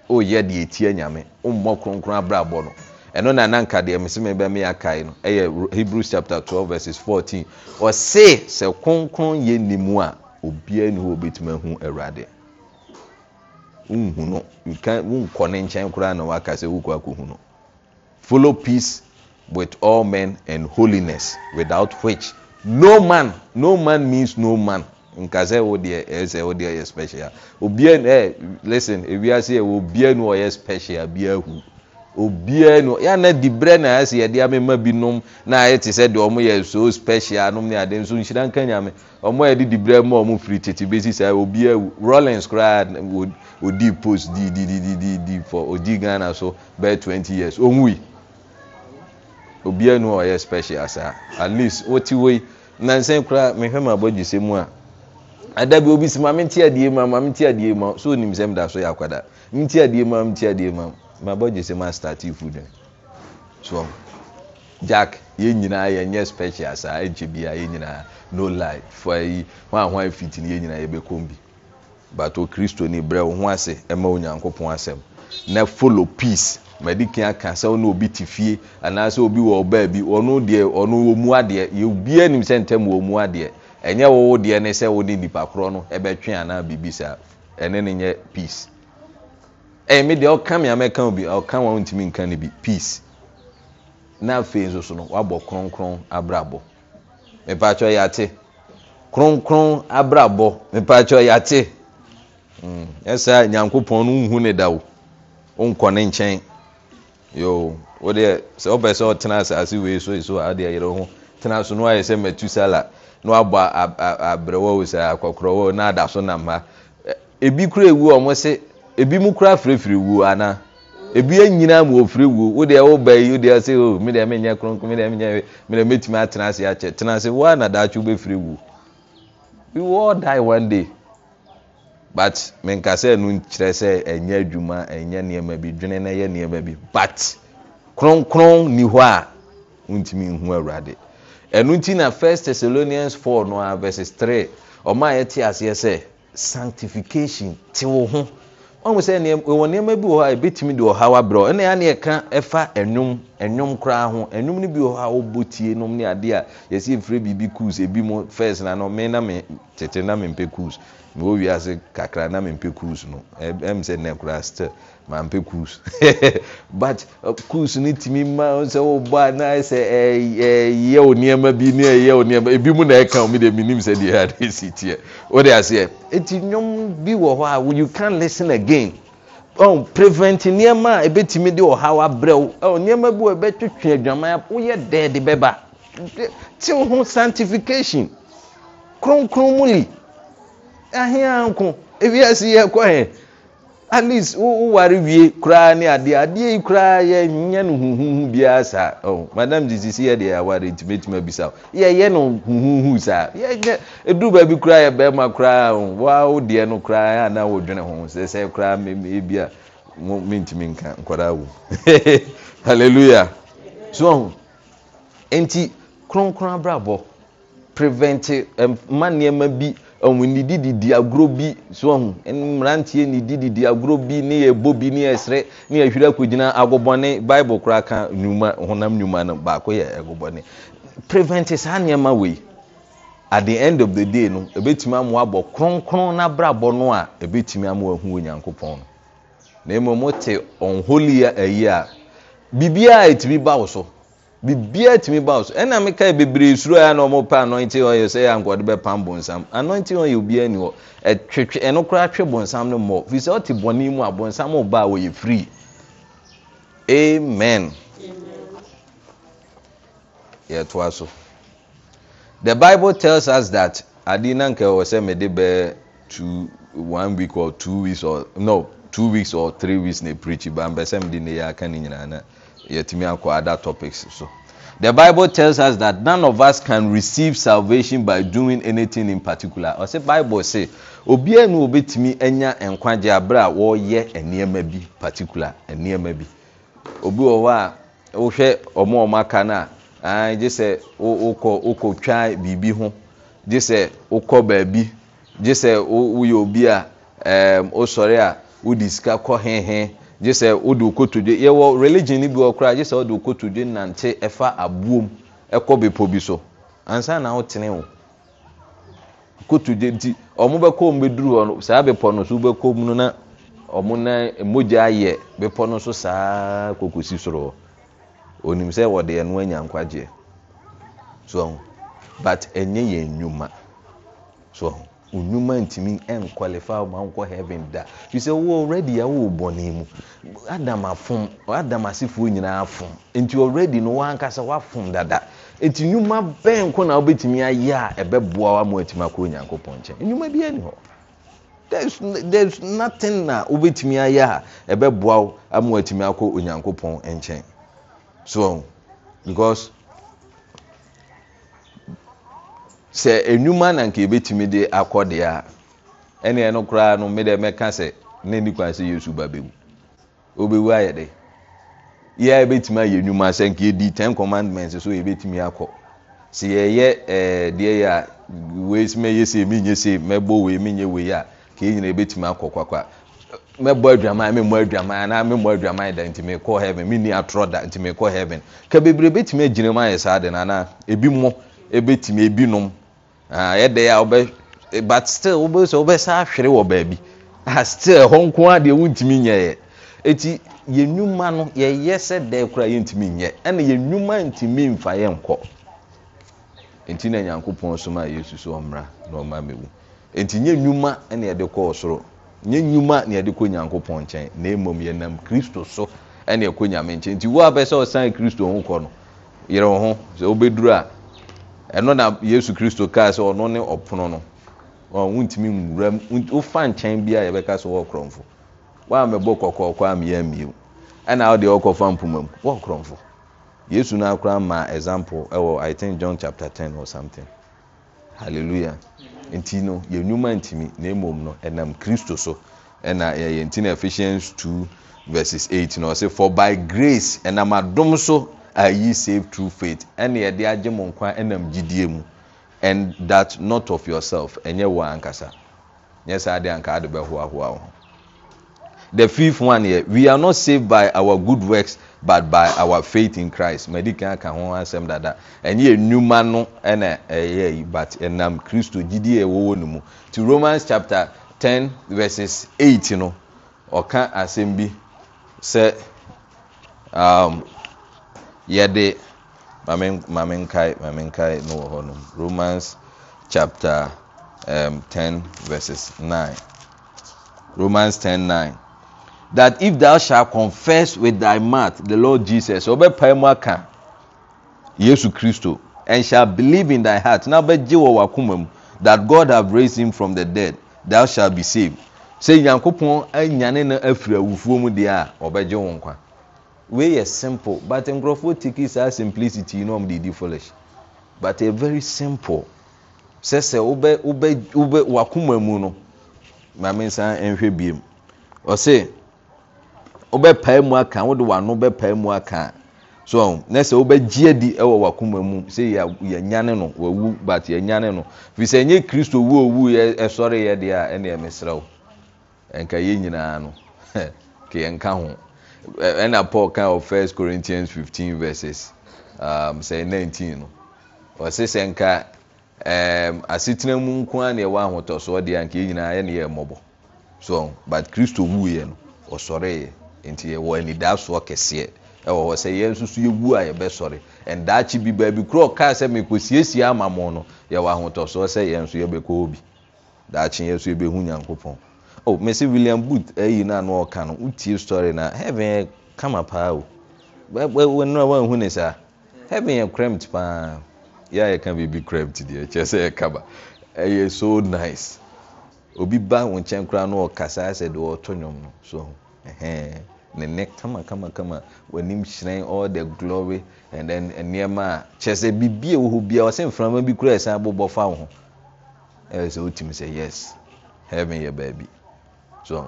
o yɛ deɛ etia nyame o mmɔ kronkron abrabɔ no ɛno na nanka deɛ mesome bɛme akae no ɛyɛ hebrews chapter 12 verses 14 ɔse sɛ kronkron yɛ ni mu a obiara ni hɔ obɛtumi ahu awurade nhunu wonkɔ ne nkyɛn koraa na waka sɛ wokɔ akɔhu follow peace with all men and holiness without which no man no man means no man nka sɛ wo deɛ ɛyɛ sɛ wo deɛ yɛ special obiara ɛɛ listen ewiase yɛ wo obiara ni ɔyɛ special biara hu obiaa nu yɛana diberɛ na ɛsɛ yɛde amemma binom na ayɛ te sɛdeɛ ɔmo yɛ soo special nom ne ade nso nhyira nka nyame ɔmo ayɛde diberɛ ma ɔmo firi tete bɛsi saa obiaa wu rollins koraa ɔdii post di for ɔdii ghana so bɛyɛ twenty years ɔnwui obiaa no ɔyɛ special saa at least wote wei nansɛn koraa mehwɛ ma abɔgye sɛ mu a ada bi obi si ma mente adeɛ mu ma mente adeɛ mu a so onim sɛ mda so yɛ akwada mente adeɛ mu a mente adeɛ mu a My mabɔgye sɛ maastate food no soɔ jack yɛn nyinaa yɛnyɛ special saa ɛnkyɛ biara yɛn nyinaa no lie For fo ayi hwan a hwan fiti no yɛn nyinaa yɛbɛkɔm bi bato kristo ni brɛ wo ho ase ɛma e onyankopɔn asɛm na follow peace mɛdi kan aka sɛ ɔno obi ti fie anaasɛ obi wɔ ɔbaa bi ɔno deɛ ɔno wɔ mu adeɛ obiara nim sɛ ntɛm wɔ mu adeɛ ɛnyɛ wɔwɔ deɛ ne sɛ wɔne nipa korɔ no ɛbɛtwe e anaa biribi saa ɛne ne nyɛ peace. Eh, me deɛ ɔka meamɛka obi ɔka wa wontimi nka no bi peace na afei so no woabɔ kronkron abrabɔ mepaakyɛ yɛate kronkron abrabɔ mepaakyɛ yɛate ɛsaa hmm, nyankopɔn no wonhu ne da wo wonkɔ ne nkyɛn wodeɛ sɛ wopɛ sɛ ɔtena asase wei so e so wode yerɛ ho tena so no wayɛ sɛ matusala na wabɔ abrɛwɔ wo sɛ na ada so nam ha ɛbi eh, kora ɛwu ɔmo se ebi mu kura firifiri wu ana ebi enyina mu ofiri wu wo deɛ wo ba wo deɛ ɔsɛ o oh, mi deɛ mi nyɛ kronkron mi deɛ mi nyɛ mi deɛ mi tumi atena ase akyɛ tena ase wo ana daakye wo bɛ firi wu we will all die one day but menkasa nu kyerɛ sɛ ɛnyɛ adwuma ɛnyɛ nneɛma bi dwene na ɛyɛ nneɛma bi but kronkron ni hɔ a ntumi nhu awurade ɛnu ti na first thessalonians four no a verses three ɔmo a yɛte aseɛ sɛ sanctification te wo ho ɔmu sɛ ɛwɔ nneɛma bi wɔ hɔ a ebitumi de ɔhaw abrɛ ɛna yɛn aneɛ ka ɛfa ɛnwom ɛnwom koraa ho ɛnwom no bi wɔ hɔ a wɔbɔ tie nom ne adeɛ a yɛsi efiri biribi kuus ebi mu fɛs na no mme na me tete na me mpɛ kuus mɛ wɔ wiase kakra na me mpɛ kuus no ɛm sɛ nnɛ koraa still mampɛ kus but kus no tumi ma sɛ wobɔ anaasɛ ɛyɛ wo nneɛma bi ne ɛyɛ wo nneɛma ebi mu na ɛka omi de minim sɛ deɛ ade si teɛ wode aseɛ eti nnwom bi wɔ hɔ a you can listen again ɔn oh, prevent nneɛma a ebetumi de ɔhaw abrɛw ɔn oh, nneɛma bi wɔ ɛbɛtwitwi adwaman woyɛ dɛɛde bɛba te ho sanctification kronkron mu li aheanko ewiase yɛ kɔ hɛn at least woware wie koraa ne adeɛ adeɛ yi koraa yɛnyɛ no huhuhu biara saa ɔn madam didi si yɛ deɛ aware ntumitumi abisa yɛyɛ no huhuhu saa yɛnyɛ eduru baabi koraa yɛ bɛrima koraa ɔn waawo deɛ no koraa ana wodwene ho sɛsɛ koraa mmemme ebi a mo mintumi nka nkwadaa wɔ hallelujah so ɔn nti kronkron abrabɔ prevent eh, mma um, nneɛma bi. ɔmnidididi agorɔ bi soahu um, mmeranteɛ nidididi agorɔ bi ne yɛ bɔ bi ne yɛserɛ eh, ne yɛhwerɛ eh, akɔgyina agobɔne bible koraa ka nnwuma honam nnwuma no baako yɛ eh, agobɔne prevent saa nneɛma wei at the end of the day no ɔbɛtumi amoabɔ kronkron noabrabɔ no a ah, ebetumi ɔbɛtumi amaahu onyankopɔn no na mmom mote ɔnholia ayi a biribiaa ɛtumi ba wo so biribiaa tumi ba so ɛna mekae bebree suroa na ɔmopɛ anɔnti ɔyɛ sɛ yɛ ankɔde bɛpam bonsam anɔnti ɔyɛ obiaa ni hɔ e ɛtwetwe ɛno koraa twe bonsam no mmɔ firi sɛ wote mu a bonsam ɔba a wɔyɛ firii amen yɛtoa so the bible tells us that adeɛ na ɛwɔ sɛ mede bɛɛ two one week or two weeks or no two weeks or three weeks na preach ba mpɛ sɛ mede ne yɛ aka ne nyinaa na yɛtumi akɔ other topics so the bible tells us that none of us can receive salvation by doing anything in particular ɔsɛ bible say, Obi no obetumi anya nkwagye abere a wɔreyɛ nneɛma bi particular nneɛma bi obi wɔ hɔ a wohwɛ ɔmo ɔmo aka no a aa gye sɛ wokɔ wokɔ twa biribi ho gye sɛ wokɔ baabi gye sɛ woyɛ obi a ɛɛm wosɔre a wodi sika kɔ hehe gye sɛ wode wokɔtodwe yɛwɔ religion no bi wɔ koraa gye sɛ wode wokɔtodwe nante ɛfa aboom ɛkɔ bepɔ bi so ansa na wotene wo kɔtodwe nti ɔmo bɛkɔm bɛduru hɔ no saa bepɔ no so wobɛkɔm no na ɔmo na mogya ayɛ bepɔ no so saa kɔkɔsi soro hɔ onim sɛ wɔde ɛno anya nkwagyeɛ so but ɛnyɛ yɛn nnwuma so nnwuma ntumi nkɔlefa ma nkɔ heaven da fi wo already a wo bɔne mu adam afom adam asefoɔ nyinaa afom nti already no wankasa dada bɛn na ayɛ a ɛbɛboa wa atumi akɔ nkyɛn bi hɔ nothing na ayɛ a ɛbɛboa atumi akɔ nkyɛn so because. sɛ enwuma na nke ebetumi de akɔ deɛ a ɛnna ɛno koraa no mmeda mɛka sɛ ne nikwa sɛ yesu ba bɛwu obewu ayɛ de yɛ a ebetumi ayɛ enwuma sɛ nke edi ten commandments so ebetumi akɔ sɛ yɛyɛ ɛɛ deɛ yɛ a wei mɛyɛ se mi nye se mɛbɔ wei mi nye wei a ka enyina ebetumi akɔ kwakwa mɛbɔ adwaman mɛmɔ adwaman anaa mɛmɔ adwaman da ntoma ɛkɔ heaven mi ni atorɔ da ntoma ɛkɔ heaven ka bebree ebetumi agyina mu ayɛ saa de na anaa ebi mo ebetumi ebi nom. yɛdeyɛ a wobɛ but still wobɛsɛ wobɛsa ahwere wɔ baabi still ɛhɔ nko a deɛ wontumi nyɛeɛ ɛti yɛn nnwuma no yɛyɛ sɛ dɛɛ koraa yɛntumi nyɛ ɛna yɛn nnwuma ntumi mfa nkɔ nti na nyankopɔn soma a yesu sɛ ɔmmra na ɔma mɛwu nti nyɛ nnwuma ne yɛde kɔ ɔsoro nyɛ nnwuma na yɛde kɔ nyankopɔn nkyɛn na mmom yɛnam kristo so ne ɛkɔ nyame nkyɛn nti wo a bɛ ɔsan kristo ho kɔ no yerɛ wo ho sɛ wobɛduru a ɛno na yesu kristo kaa sɛ ɔno ne ɔpono no wontumi nwuram wofa nkyɛn bi a yɛbɛka sɛ wɔ krɔmfo woamɛbɔ kɔkɔɔkɔ ameyɛmmiem ɛna wode wɔkɔfa mpoma mu wɔ krɔmfo yesu no akora ma example ɛwɔ i think john chapter ten or something hallelujah nti no yɛn nnwuma ntumi na mmom no ɛnam kristo so ɛna yɛyɛ nti no ephesians two verses 8 na ɔsɛ for by grace ɛnam adom so ayi save through faith ɛna yɛde agye mo nkwa ɛnam gyidie mu and that not of yourself ɛnyɛ wɔ ankasa nyɛ saa de anka ade bɛhoahoa wo ho the fifth one yɛ we are not saved by our good works but by our faith in Christ mɛdi kan ka ho asɛm dada ɛnyɛ enuma no ɛna ɛyɛ yi but ɛnam Kristo gyidie ɛwɔwɔ ne mu ti Romans chapter ten verses eight no ɔka asɛm bi sɛ. Um, yɛde mame nkae mame nkae no wɔ hɔnom romans chapter um, 10 verses nine. romans ten nine, that if thou shalt confess with thy mouth the lord jesus ɔbɛpae mu aka yesu kristo and shalt believe in thy heart na ɔbɛgye wɔ wakoma mu that god have raised him from the dead thou shalt be saved sɛ nyankopɔn anyane no afiri awufuo mu deɛ a ɔbɛgye wo nkwa wey yɛ simple but nkurɔfoɔ tiki saa simplicity na wɔn de di foolish but e very simple sɛsɛ wobɛ wobɛ wobɛ wakoma mu no maame nsan nhwɛ biem ɔse wobɛ pae mu aka wode wano bɛ pae mu aka so na sɛ wobɛ gye di ɛwɔ wakoma mu sɛ yɛ yɛnyane no wawu but nyane no fi sɛ nye kristo wu owu yɛ ɛsɔre yɛ deɛ a ɛna ɛmɛ srɛw nka yɛ nyinaa no kɛ yɛn ka ho. ɛna paul kan of first corinthians 15 verses um, sɛ 19 no sɛ nka um, asetena mu a na ɛwɔ ahotɔsoɔ deɛ anka nyinaa yɛ ne yɛ mmɔbɔ so but kristo wuiɛ no ɔsɔreeɛ nti yɛwɔ anidaasoɔ kɛseɛ ɛwɔ hɔ sɛ yɛn nso so yɛwu a yɛbɛsɔre ɛndaakye bi baabi korɔ ɔkaa sɛ mekɔsiesie ama mo no ahotɔsoɔ sɛ yɛn nso daakye yɛn nso Oh, mesi william booth ayi eh, na ano ɔka no wotie story na heaven yɛ kama paa o wɔnura wɔn ho ne saa heaven yɛ cramped paa yɛ a yɛka baabi cramped deɛ kyerɛ sɛ yɛ kaba ɛyɛ so nice obi ba wɔn nkyɛn koraa no ɔkasa sɛ deɛ ɔɔto nnwom no so ɛhɛn ne nne kama kama kama w'anim hyerɛn all the glory and then nneɛma a kyerɛ sɛ biribi a ɛwɔ hɔ biara ɔsɛ mframa bi kura ɛsan abobɔ fa ho ɛyɛ sɛ wotumi sɛ yes heaven yɛ baabi so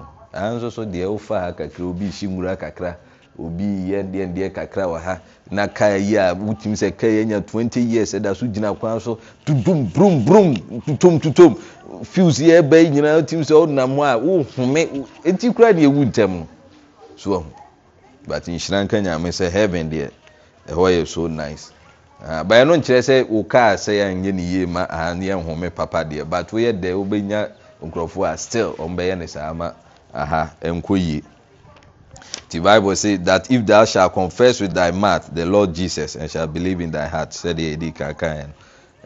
nso so deɛ wofa ha kakra obi hyi mmura kakra obi yɛ ndeɛndeɛ kakra wɔ ha na kaa yi a wotumi sɛ kaa yi anya twenty years ɛda so gyina kwan so tutum brum brum tutum tutum fiws yɛ ɛbɛ yi nyinaa wotumi sɛ ɔnam a wohome eti kura deɛ ewu ntɛm so but nhyira nka nyame sɛ heaven deɛ ɛhɔ yɛ so nice abayɛ ah, no nkyerɛ sɛ wo kaa sɛ yɛanyɛ ne yie ma aha ne yɛ nhome papa deɛ but woyɛ dɛ wobɛnya nkurɔfoɔ a still ɔmbɛyɛ no saa ama aha nkɔ yie nti bible say that if thou shall confess with thy mouth the lord jesus and shall believe in thy heart sɛdeɛ yɛdi kankan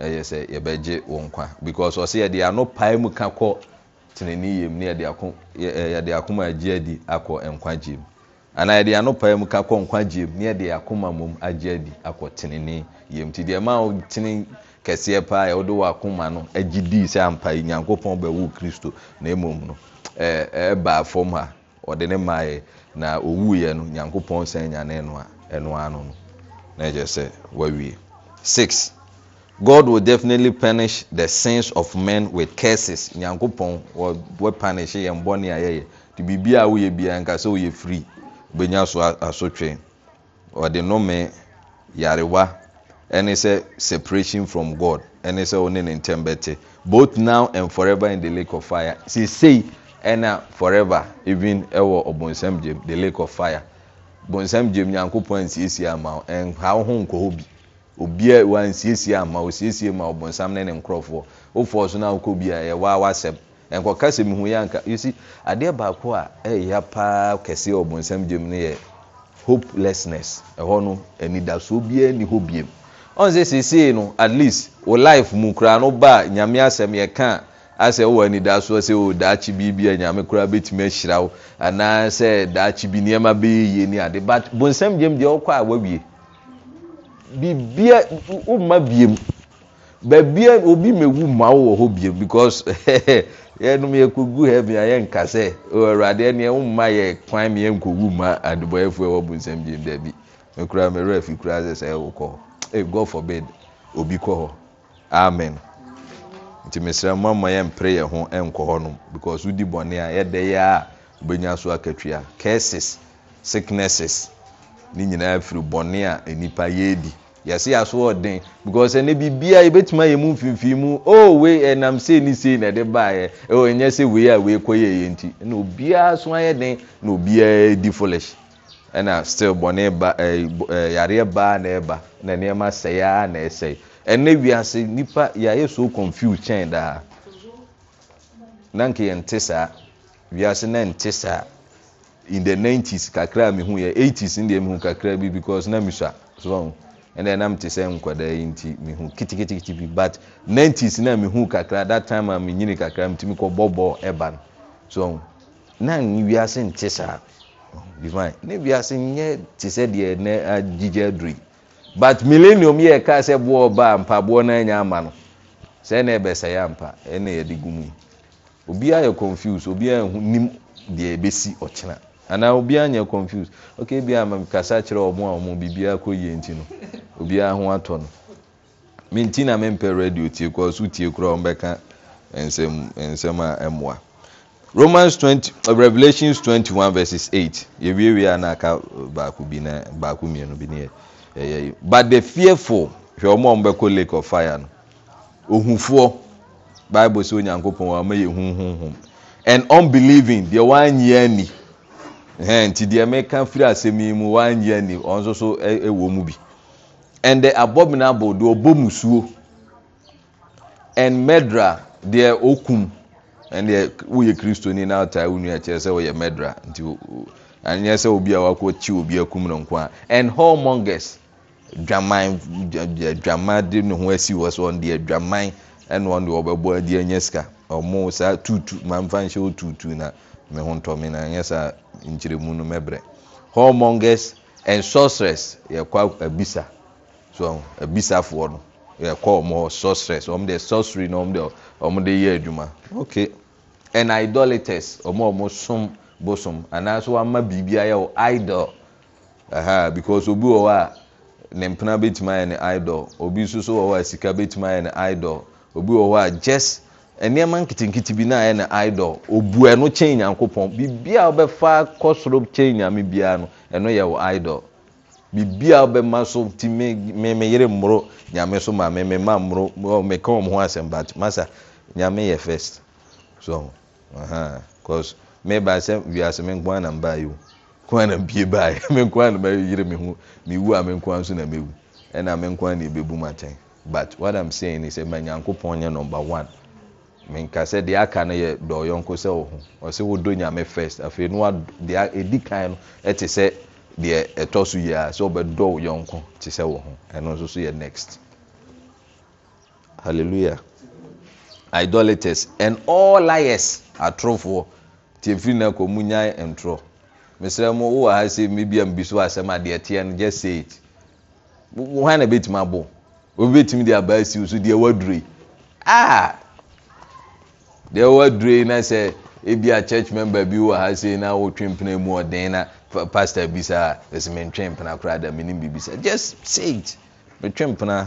ɛyɛ sɛ yɛbɛgye wɔn kwa because ɔsɛ yɛde ano pae mu ka kɔ tenani yam ne yɛde akoma agye adi akɔ nkwagye mu anaa yɛde ano pae mu ka kɔ nkwagye mu ne yɛde akoma mom agye adi akɔ tenani yam nti deɛ maa tene kɛseɛ paa ɛwɔ de wɔ akoma no agye dii sɛ ampa yi nyankopɔn bɛwu kristo na emom no ɛɛ ɛɛba fam ha ɔde ne maa yɛ na owu yɛ no nyankopɔn sɛn nyane no a ɛno ano no na ɛgyɛ sɛ wawie six God will definitely punish the sins of men with curses nyankopɔn wɔ wɔ punish yɛn bɔne a yɛyɛ te biribi a woyɛ bia nka sɛ woyɛ free benya so asotwe ɔde nnome yarewa. ɛne sɛ separation from god ɛne sɛ wo ne ne ntɛm bɛte both no an foever in the lake offire ssiɛn fever vwɔ ɔbonsa the lake ofire bons m yankopɔnnsseamamaasno ne nkrfoɔwofs nwoɔbiɛskɔasɛmuadeɛ baaka a pa kɛse bonsm m n yɛ hopelessness nidasobiaa ni hɔ biemu ɔn sɛ seesei no at least wo life mu koraa no ba a nyame asɛm yɛka a asɛ wowɔ anidaa soɔ sɛ o daakye biribi a nyame kura bɛtumi ahyira wo anaa sɛ daakye bi nneɛma bɛyɛyie ni ade but bonsam gyam deɛ wokɔ a wawie biribia womma biem baabia obi mɛwu ma wowɔ hɔ biem because yɛnom yɛkɔgu heaven a yɛnka sɛ oh, awurade neɛ womma yɛ kwan me yɛnkɔwu ma adebɔyɛfoɔ ɛwɔ bonsam gyam daabi mekura mɛwerɛ afi koraa sɛ sɛ ɛwokɔ hɔ if god forbid obi kɔ hɔ amen nti mesrɛ mo ama yɛ mpere yɛ ho nkɔ hɔ because wodi bɔne a yɛda yɛ a wobɛnya so akatwia cases sicknesses ne nyinaa firi bɔne a nipa yɛdi yɛse aso ɔden because ɛnɛ biribia yɛbɛtumi ayɛ mu mfimfini mu oh wei ɛnam sei ne sei na ɛde baayɛ ɛwɔ nyɛ sɛ wei a wei kɔ yɛ yɛ nti na obiara so ayɛ den na obiara di foolish. ɛna still bɔne ba ɛɛ ɛɛ yareɛ baa na ɛba na nneɛma sɛɛ ara na ɛsɛɛ ɛnna wiase nipa yɛayɛ so confu kyɛn daa nanke yɛn te saa wiase na nte saa in the nineties kakra mi hu yɛ eighties deɛ mi hu kakra bi because na mi sa so ɔn ɛnna ɛnam te sɛ nkwadaa yi nti mi hu kitikitikiti bi but nineties na mi hu kakra that time a mi nyini kakra mi ti mi kɔ bɔ ɛba no so na wiase nte saa. divine ne wiase nyɛ te sɛ deɛ ne agyigya aduru yi but millennium yɛ ka sɛ boɔ ba mpaboɔ na anya ama no sɛ ɛna ɛbɛsɛe ampa ɛna yɛde gu mu yi obiara yɛ confused obiara yɛ nim deɛ ɛbɛsi ɔkyena ana obiara yɛ confused okay bi ama kasa kyerɛ ɔmo a ɔmo biribiara kɔ yie nti no obiara ho atɔ no me na me mpɛ radio tie kɔ so tie kora ɔmo bɛka nsɛm nsɛm a ɛmoa. romans twenty uh, revelations twenty one verses eight yewiewie a n'aka uh, baako bi na baako mmienu bi ne yɛ but the fearful hwɛ wɔn a wɔn bɛkɔ lake of fire no ohufoɔ bible sɛ onyankopɔn wɔn ama yɛ huhuhum and unbelieving deɛ wanyɛ ani ɛn ti deɛ mɛka firi asɛm yi mu wanyɛ ani wɔn nso so ɛwɔ mu bi and the abominable deɛ ɔbɔ musuo and murderer deɛ okum ɛnneɛ woyɛ kristoni na ataa oh, wo nua kyerɛ sɛ woyɛ mɛdra nti anyɛ sɛ obi a wakɔ kyi obi akum no nko a and whoremongers dwaman dwaman de ne ho asi wɔ so ɔno deɛ dwaman ɛna ɔno deɛ ɔbɛbɔ adi anya sika ɔmo saa tutu mamfa nhyɛ o tutu na ne ho ntɔmi na anyɛ saa nkyerɛmu no mɛbrɛ whoremongers and sorcerers yɛkɔ abisa so abisafoɔ no yɛkɔ ɔmo sorcerers ɔmo deɛ sorcery na ɔmo deɛ ɔmo de yɛ adwuma okay and idolaters ɔmo a ɔmo som bosom anaasɛ wama biribi ayɛ wɔ idol aha because obi wɔ hɔ a ne mpena betumi ayɛ ne idol obi nso so wɔ hɔ a sika betumi ayɛ ne idol obi wɔ hɔ a just nneɛma nketenkete bi na ayɛ ne idol obu ɛno kyɛn nyankopɔn biribi a ɔbɛfa kɔ soro kyɛn nyame biara no ɛno yɛ wɔ idol biribi a ɔbɛma so ti me me me yere mmoro nyame so ma me me ma mmoro meka wɔn ho asɛm but masa nyame yɛ first so cause meba sɛ wiase me nko anam baa yi o nko anam bie baa yi me nko anam baa yiri me ho me wu a me nko anso na me wu ɛna me nko anam ebebu ma kyɛn but what i'm saying is ɛma eh, nyanko pɔn yɛ number one menka sɛ deɛ aka no yɛ dɔɔyɔnko sɛ wɔ ho ɔsɛ wodɔ nyame first afei no deɛ ɛdi kan no ɛte sɛ deɛ ɛtɔ so yie a sɛ ɔbɛdɔ wo yɔnko te sɛ wɔ ho ɛno nso so yɛ next hallelujah idolaters and all liars. atorofoɔ ntifirino kɔ munya ntrɔ mesrmɛiecurch mebe aaso baee pena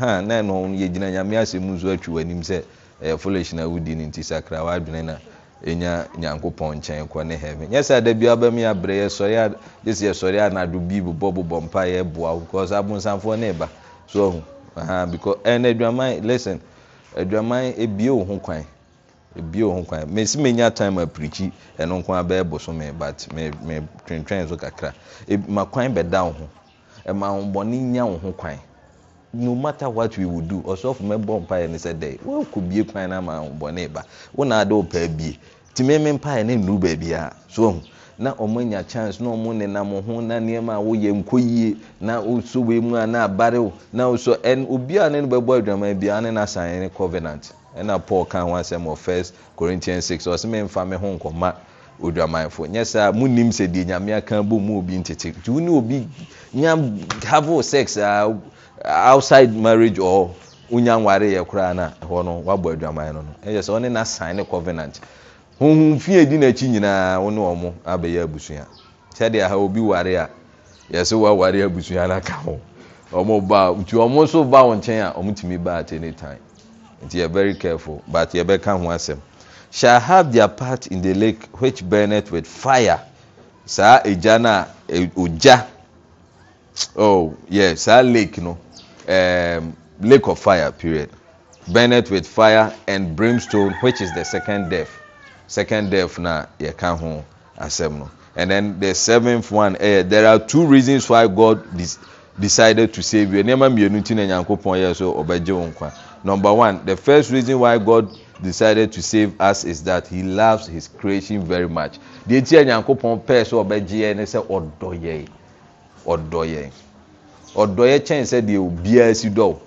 amenaesmutwi nim sɛ foo sna wodino nti sakra adwen no enya nyankopɔn nkyɛn kɔ ne heaven nyɛ sɛ ada biaa wobɛm yɛ abrɛ yɛsɔre gye sɛ a anado bi bobɔ bobɔ mpa yɛboa wo because abonsamfoɔ ne ɛba so ɔhu because ɛn adwaman listen adwaman ebie wo kwan ebie wo kwan mesi menya time apirikyi ɛno nko abɛɛ bosome but me me twɛntwɛn so kakra ma kwan bɛda wo ho ɛma ahombɔne nya wo kwan no matter what we would do ɔsɔfo mɛbɔ mpaeɛ no sɛ dɛ wɔakɔ bie kwan no ama ahombɔne ba wona ade wopaa bie nti meme mpaeɛ no nnuru baabi a so na ɔmo anya chance na ɔmo nenam ho na nneɛma a woyɛ nkɔ yie na wosɔ wei mu a na abare o na wosɔ ɛn obiara ne no bɛbɔ adwaman bi ane na asan ne covenant paul kan ho asɛm wɔ first corinthians six ho mu obi ntete obi nya sex Uh, outside marriage or wonya nwareyɛ koraa no hɔ no woabɔ adwaman no no ɛyɛ sɛ ɔne na sane ne covenant hohum fie di n'akyi nyinaa wo ne ɔ mo abɛyɛ abusua sɛdeɛ ha obi ware a yɛsɛ woaware abusua no aka ho ɔmo ba nti ɔmo nso ba wo nkyɛn a ɔmo tumi ba at any time nti yɛ very careful but yɛbɛka ho asɛm shall have their part in the lake which burneth with fire saa egya na e, a ogya oh yeah saa lake no um, lake of fire period burneth with fire and brimstone which is the second death second death na yɛka ho asɛm no and then the seventh one eh, there are two reasons why God decided to save you nneɛma mmienu ti na nyankopɔn yɛ so ɔbɛgye wɔn kwa number one the first reason why God decided to save us is that he loves his creation very much deɛ ti a nyankopɔn pɛɛ so ɔbɛgye yɛn ne sɛ ɔdɔ yɛn ɔdɔ yɛn ɔdɔeɛ kyɛn sɛdeɛ obiara si dɔw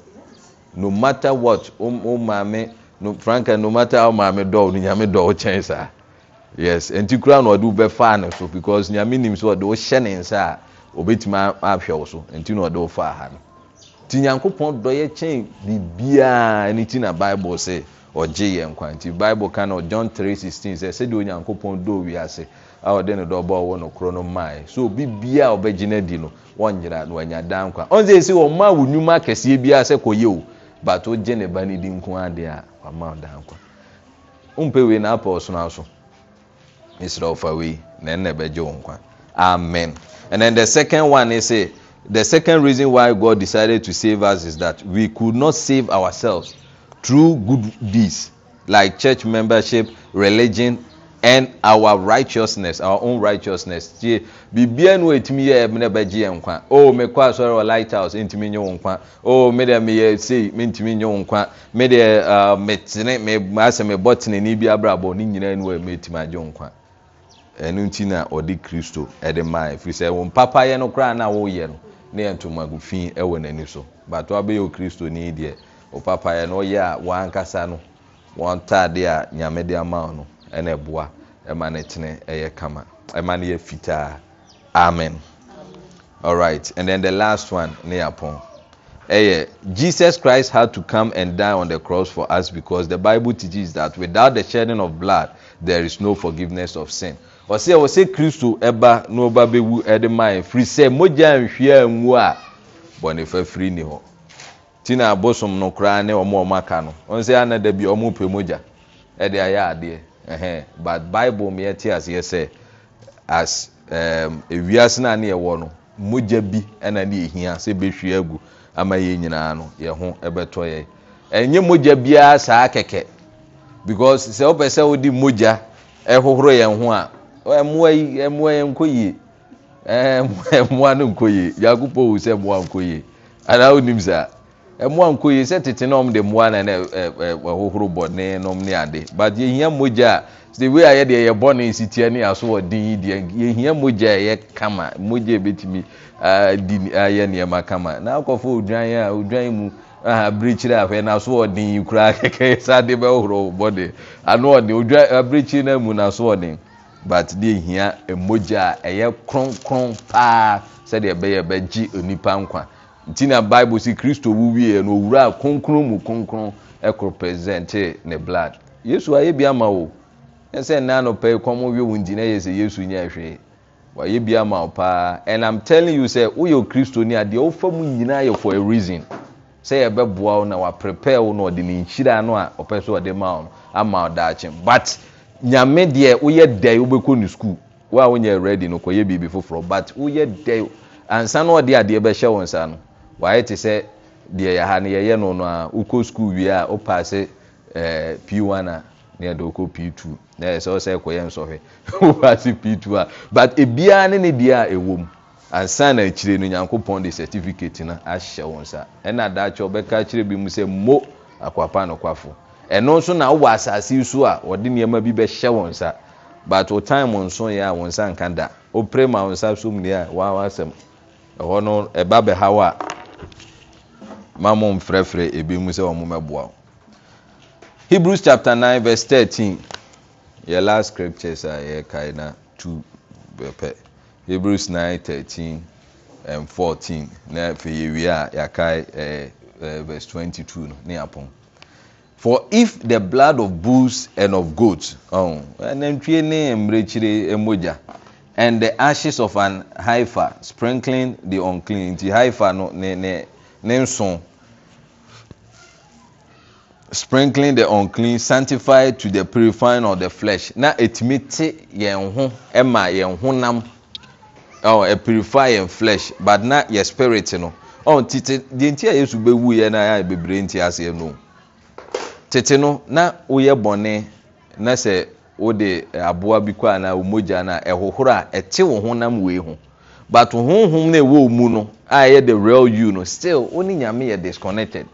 no matter what o maame no frankly, no matter how maame dɔw no nyame dɔw kyɛn saa yes nti kura na ɔde wobɛfaa ne so because nyame nim sɛ ɔde wohyɛ ne nsa a obɛtumi ahwɛ wo so nti na ɔde wofaa ha no nti nyankopɔn dɔyɛ kyɛn biribiaa ne ti na bible sɛ ɔgye yɛn nkwa nti bible ka na john 3:16 sɛ sɛdeɛ onyankopɔn dɔ owiase a ɔde no dɔbɔ wɔ no korɔ no mae so obi biaa ɔbɛgyina di no wɔnyera na wanya daa nkwa ɔnsɛ ɛsi ɔma wo nnwuma akɛseɛ biaa sɛ kɔyɛ o but wogye ne ba no di nko adeɛ a wama daa nkwa wompɛ wei na apɛ ɔsono aso ɛsrɛ ɔfa wei na ɛnna ɛbɛgye wo nkwa amen and then the second one is say eh, the second reason why God decided to save us is that we could not save ourselves through good deeds like church membership religion and our righteousness our own righteousness tie bibi no ɛtumi yɛ mene bɛgye yɛ nkwa o mekɔ asɔre wɔ light house ntumi nye wo nkwa o medeɛ meyɛ sei mentumi nye wo nkwa medeɛ uh, metene asɛ mebɔ teneni bi abrabɔ ne nyinaa no a metumi agye wo nkwa ɛno nti na ɔde kristo ɛde maa ɛfiri sɛ wɔn papa yɛ no koraa na wɔyɛ no ne yɛ ntomago fi ɛwɔ n'ani so bato abɛyɛ kristo ni deɛ o papa yɛ no ɔyɛ ɛna ɛboa ɛma ne tene ɛyɛ kama ɛma ne yɛ fitaa amen alright and then the last one ne yɛ apɔn ɛyɛ Jesus Christ had to come and die on the cross for us because the Bible teaches that without the shedding of blood there is no forgiveness of sin ɔsɛ ɔsɛ Kristo ɛba na ɔba bɛwu ɛde mayɛ firi sɛ mogya nhwea nwu a bɔne firi ni hɔ ti na abosom no koraa ne ɔmo ɔmo aka no ɔn sɛ anadabi ɔmo pɛ mogya ɛde ayɛ adeɛ but bible meɛte aseɛ sɛ as ewiase a ne yɛwɔ no mogya bi ɛna ne yɛhia sɛ bɛhwie agu ama yɛ nyinaa no yɛ ho bɛtɔ yɛ ɛnyɛ mogya biara saa kɛkɛ because sɛ wopɛ sɛ mogya yɛn ho a ɛmmoa yi ɛmmoa yɛ nkɔ yie ɛmmoa no nkɔ yie yakupɔ sɛ yie saa mmoa nko yi sɛ tete na ɔmo de mmoa na ɛna ɛɛ ɛhohoro bɔne nom ne ade but yɛhia mogya a the way a yɛde yɛ bɔ ne nsitia ne aso wɔ din yi deɛ yɛhia mogya a yɛ kama mogya ebetumi adi ayɛ nneɛma kama na akɔfo odwan a odwan mu aha abirikyiri ahwɛ na aso wɔ din yi koraa kɛkɛ saa de bɛhohoro bɔne ano ɔden odwan abirikyiri na mu na aso ɔden but de ehia e mogya a e ɛyɛ kronkron paa sɛdeɛ ɛbɛyɛ bɛgye onipa nkwa nti na bible si kristo wuwieɛ no ɔwuraa kronkron mu kronkron ɛkoro presente ne blood yesu ayɛ bi ama o ɛ sɛ nnaa nɔpɛi kɔm wie wo nti na ɛyɛ sɛ yesu nyɛ hwee wayɛ bi ama wo paa and i'm telling you sɛ woyɛ Kristo a deɛ wofa mu nyinaa yɛ for a reason sɛ yɛbɛboa wo na waprepare wo na ɔde ne nhyira no a ɔpɛ sɛ ɔde ma wo ama wo daakye but nyame deɛ woyɛ dɛe wobɛkɔ ne skuul wo a wonyɛ ready no kɔyɛ biribi foforɔ but woyɛ dɛe ansa na ɔde adeɛ bɛhyɛ wo nsa no wayɛ te sɛ deɛ yɛ ha ni yɛyɛ no no a wokɔ skul biya a wopa se p1 a na yɛde wokɔ p2 na yɛ sɛ wo ya ɛkɔyɛ nsɔhwɛ wopa p2 a but ịbịa ne ne deɛ a ɛwɔ mu ansa na akyire no nyankopɔn de certificate no ahyɛ wo nsa ɛna daakyɛ wobɛka kyerɛ bi mu sɛ mo akwapa nokwafo ɛno nso na wowɔ asase so a wɔde nneɛma bi bɛhyɛ wɔ nsa but wo time nsoeɛ a nsa nka da wopre ma wo nsa a ɛhɔ no ɛba eh, ma mo mfrɛfrɛ ebi mu sɛ wɔn mɛboa hebrews chapter nine verse thirteen yɛ last scriptures a yɛ kae na two pɛpɛ hebrews nine thirteen and fourteen na afei yɛ wie a yɛakae ɛɛ e, ɛɛ verse twenty two no ne apɔn for if the blood of bulls and of goats ɛnantwie oh, ne mmirekyire mogya and the ashes of an haifa sprinkling the unclean nti haifa no ne ne ne nson sprinkling the unclean sanctified to the purifying of the flesh na etumi te yɛn ho ɛma yɛn ho nam ɛwɔ oh, purify yɛn flesh but na yɛ spirit no ɔn tete deɛ nti a yesu bɛwu yɛ na yɛ bebree nti aseɛ no tete no na woyɛ bɔnne na sɛ wode eh, aboa bi kɔ anaa wo mogya no ɛhohoro a ɛte wo honam wei ho but honhom no ɛwɔ mu no a ɛyɛ the real you no still wo nyame yɛ disconnected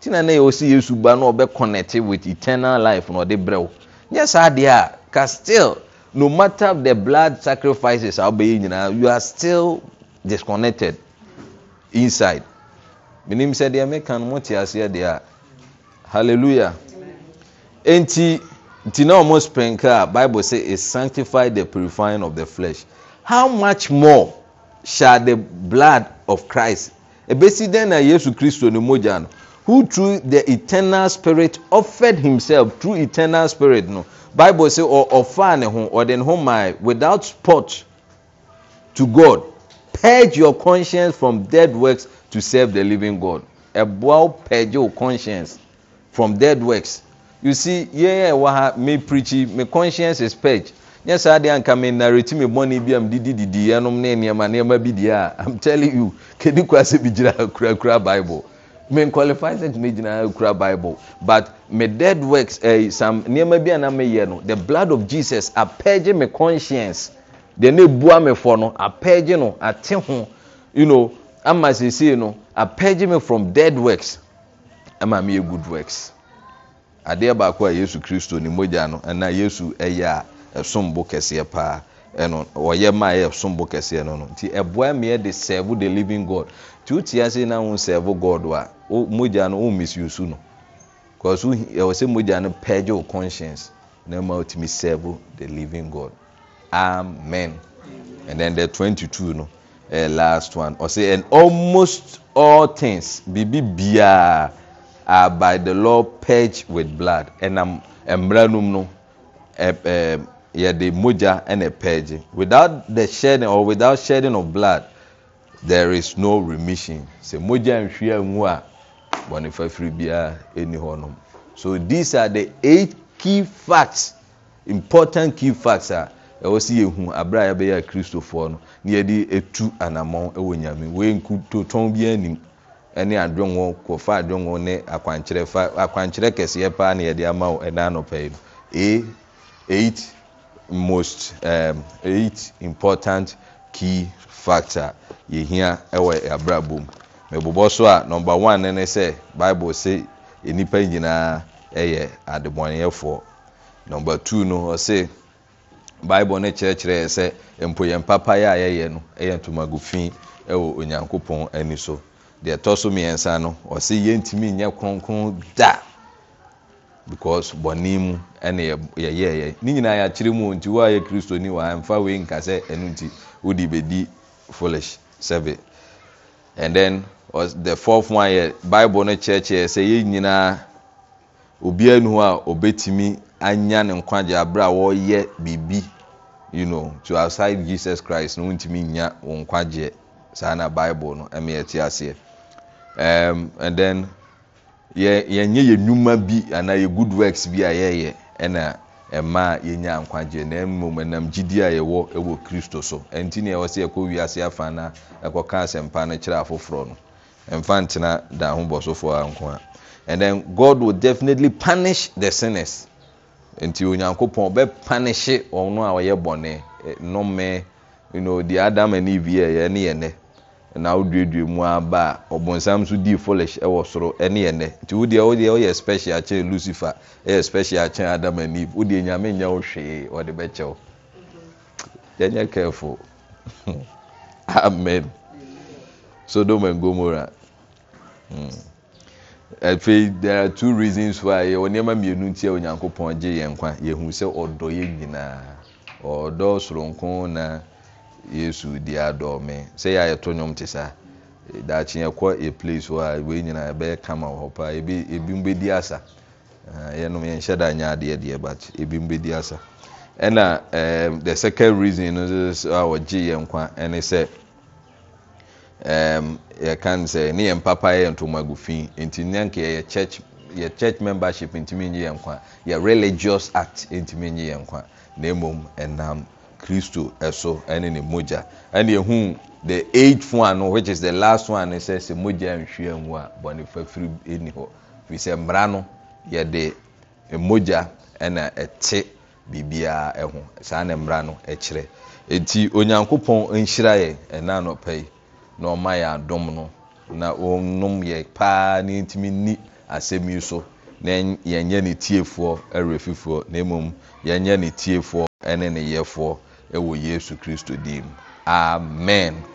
nti na na yɛ wɔ sɛ yesu ba no ɔbɛconnect with eternal life na ɔde brɛ wo nyɛ saa deɛ a ka still no matter the blood sacrifices a wobɛyɛ nyinaa you are still disconnected inside menim sɛ deɛ meka no mote aseɛ deɛ hallelujah enti nti na ɔmo spɛnka a bible say is sanctify the purifying of the flesh how much more shall the blood of christ ebesi den na yesu kristo ne mogya no who through the eternal spirit offered himself through eternal spirit no bible say or ɔfa ne ho ɔde ne ho maa without spot to god purge your conscience from dead works to serve the living god ɛboa wo purge your conscience from dead works usee yɛɛwɔ ha me preachi me conscience s peg yɛ saa deɛ anka menaratime bɔnebi amdddidiɛnmnemnnma bide mtling u nikasɛmigyira krakra bible meualifi sɛtmgyinakra bible bt me dea woks eh, nnma bi namyɛ no the blood of jesus apɛgye me conscience dɛ ne bua me f no apɛye no ate ho amasesei no apɛgye me frɔm dea works mameyɛ good works adeɛ baako a yesu kristo ne mogya no ɛna yesu ɛyɛ a ɛsom bo kɛseɛ paa ɛno ɔyɛ ma a ɛsom bo kɛseɛ no no nti ɛboa mmeɛ de serve the living god nti wotia se na wo serve god a mogya no wo misuse no because ɛwɔ sɛ mogya no pɛgye wo conscience na ma mi serve de living god amen and then the 22 no uh, last one ɔsɛ and almost all things bibi biara are by the law purged with blood ɛnam mmara no mu eh, no eh, ɛɛ yɛde mogya ɛna purge without the shedding or without shedding of blood there is no remission sɛ mogya nhwi anwu a bɔne fafiri biara ɛni hɔnom so these are the eight key facts important key facts a ah, ɛwɔ e sɛ yɛhu abere a yɛbɛyɛ a kristofoɔ no na yɛde etu anammɔn ɛwɔ e nyame wɔn nkutu tɔn biara nim ne adwonwo kɔfa adwonwo ne akwankyerɛ fa akwankyerɛ kɛseɛ paa ne yɛde ama wo ɛna anɔpa yi no a eight most um, eight important key factor yɛhia ɛwɔ abrabɔ mu mɛbobɔ so a number one ne ne sɛ bible sɛ nnipa nyinaa ɛyɛ adebɔneyɛfoɔ number two no ɔsɛ bible ne kyerɛkyerɛ sɛ mpo yɛn papa yɛ a yɛyɛ no ɛyɛ ntomago fi ɛwɔ onyankopɔn ani so. deɛ ɛtɔ so mmiɛnsa no ɔsɛ yɛntumi nyɛ kronkron da because bɔne mu ɛne yɛyɛyɛ ne nyinaa yɛakyerɛ mu nti ni kristoni wɔamfa wei nka sɛ ɛno nti wode bɛdi foolish sɛbe and then the fourth one yɛ bible no kyerɛkyerɛ sɛ yɛn nyinaa obiara nu hɔ a ɔbɛtumi anya ne nkwagye abere a wɔreyɛ biribi you know to outside jesus christ no wontumi nya wɔn nkwagyeɛ saa na bible no ɛmɛ aseɛ. ɛdɛn yɛnyɛ yɛ nnwuma bi anaa yɛ good works bi a yɛyɛ ɛna ɛma a yɛnya nkwagye na mmom ɛnam gyidi a yɛwɔ ɛwɔ kristo so ɛnti ne ɛwɔ sɛ yɛkɔ wiase afa na ɛkɔka asɛmpa no kyerɛ afoforɔ no Mfa ntena da ahobɔsofoɔ a nko a and then god will definitely punish the sinners nti onyankopɔn ɔbɛpanehye ɔno a ɔyɛ bɔnɛ eh, nome you know the adam and eve yɛ ɛne yɛ nɛ na woduadua mu aba a ɔbonsam so dii folish wɔ soro ɛne ɛnɛ nti wodeɛ wodeɛ woyɛ special akyɛn lucifer ɛyɛ special akyɛn adam and eve wodeɛ nyame nyɛ wo hwee ɔde bɛkyɛw yɛnyɛ careful amen sodom and gomorrah mm. afei there are two reasons why yɛwɔ nneɛma mmienu ti a onyankopɔn gye yɛn nkwa yɛhu sɛ ɔdɔ yɛ nyinaa ɔdɔ soronko na. yesu di adɔ sɛ yɛ ayɛto nnwom te saa daakye yɛkɔ a place hɔ a wei nyinaa yɛbɛyɛ kama hɔ paa ebi ebi bɛdi asa yɛnom yɛnhyɛ da nyɛ adeɛ deɛ but ebi bɛdi asa ɛna ɛɛm the second reason no sɛ a wɔgye yɛn nkwa ɛne sɛ ɛɛm yɛka n sɛ ne yɛn papa yɛ ntoma agu fi nti yɛ church yɛ church membership ntumi yɛn nyi yɛn nkwa na emom ɛnam. kristo ɛso ɛne ne mogya ɛne ehu the eighth one which is the last one sɛ sɛ mogya nhwia mu a bɔne fafiri ɛni hɔ firi sɛ mmara no yɛde mogya ɛna ɛte biribiara ɛho saa na mmara no ɛkyerɛ eti onyankopɔn nhyira yɛ ɛna anɔpɛ yi na ɔma yɛ adom no na ɔnom yɛ paa na ntumi ni asɛm yi so na yɛnyɛ ne tiefoɔ ɛwɛ fifoɔ na emom yɛnyɛ ne tiefoɔ ɛne ne yɛfoɔ. ewo yesu cristo dim amen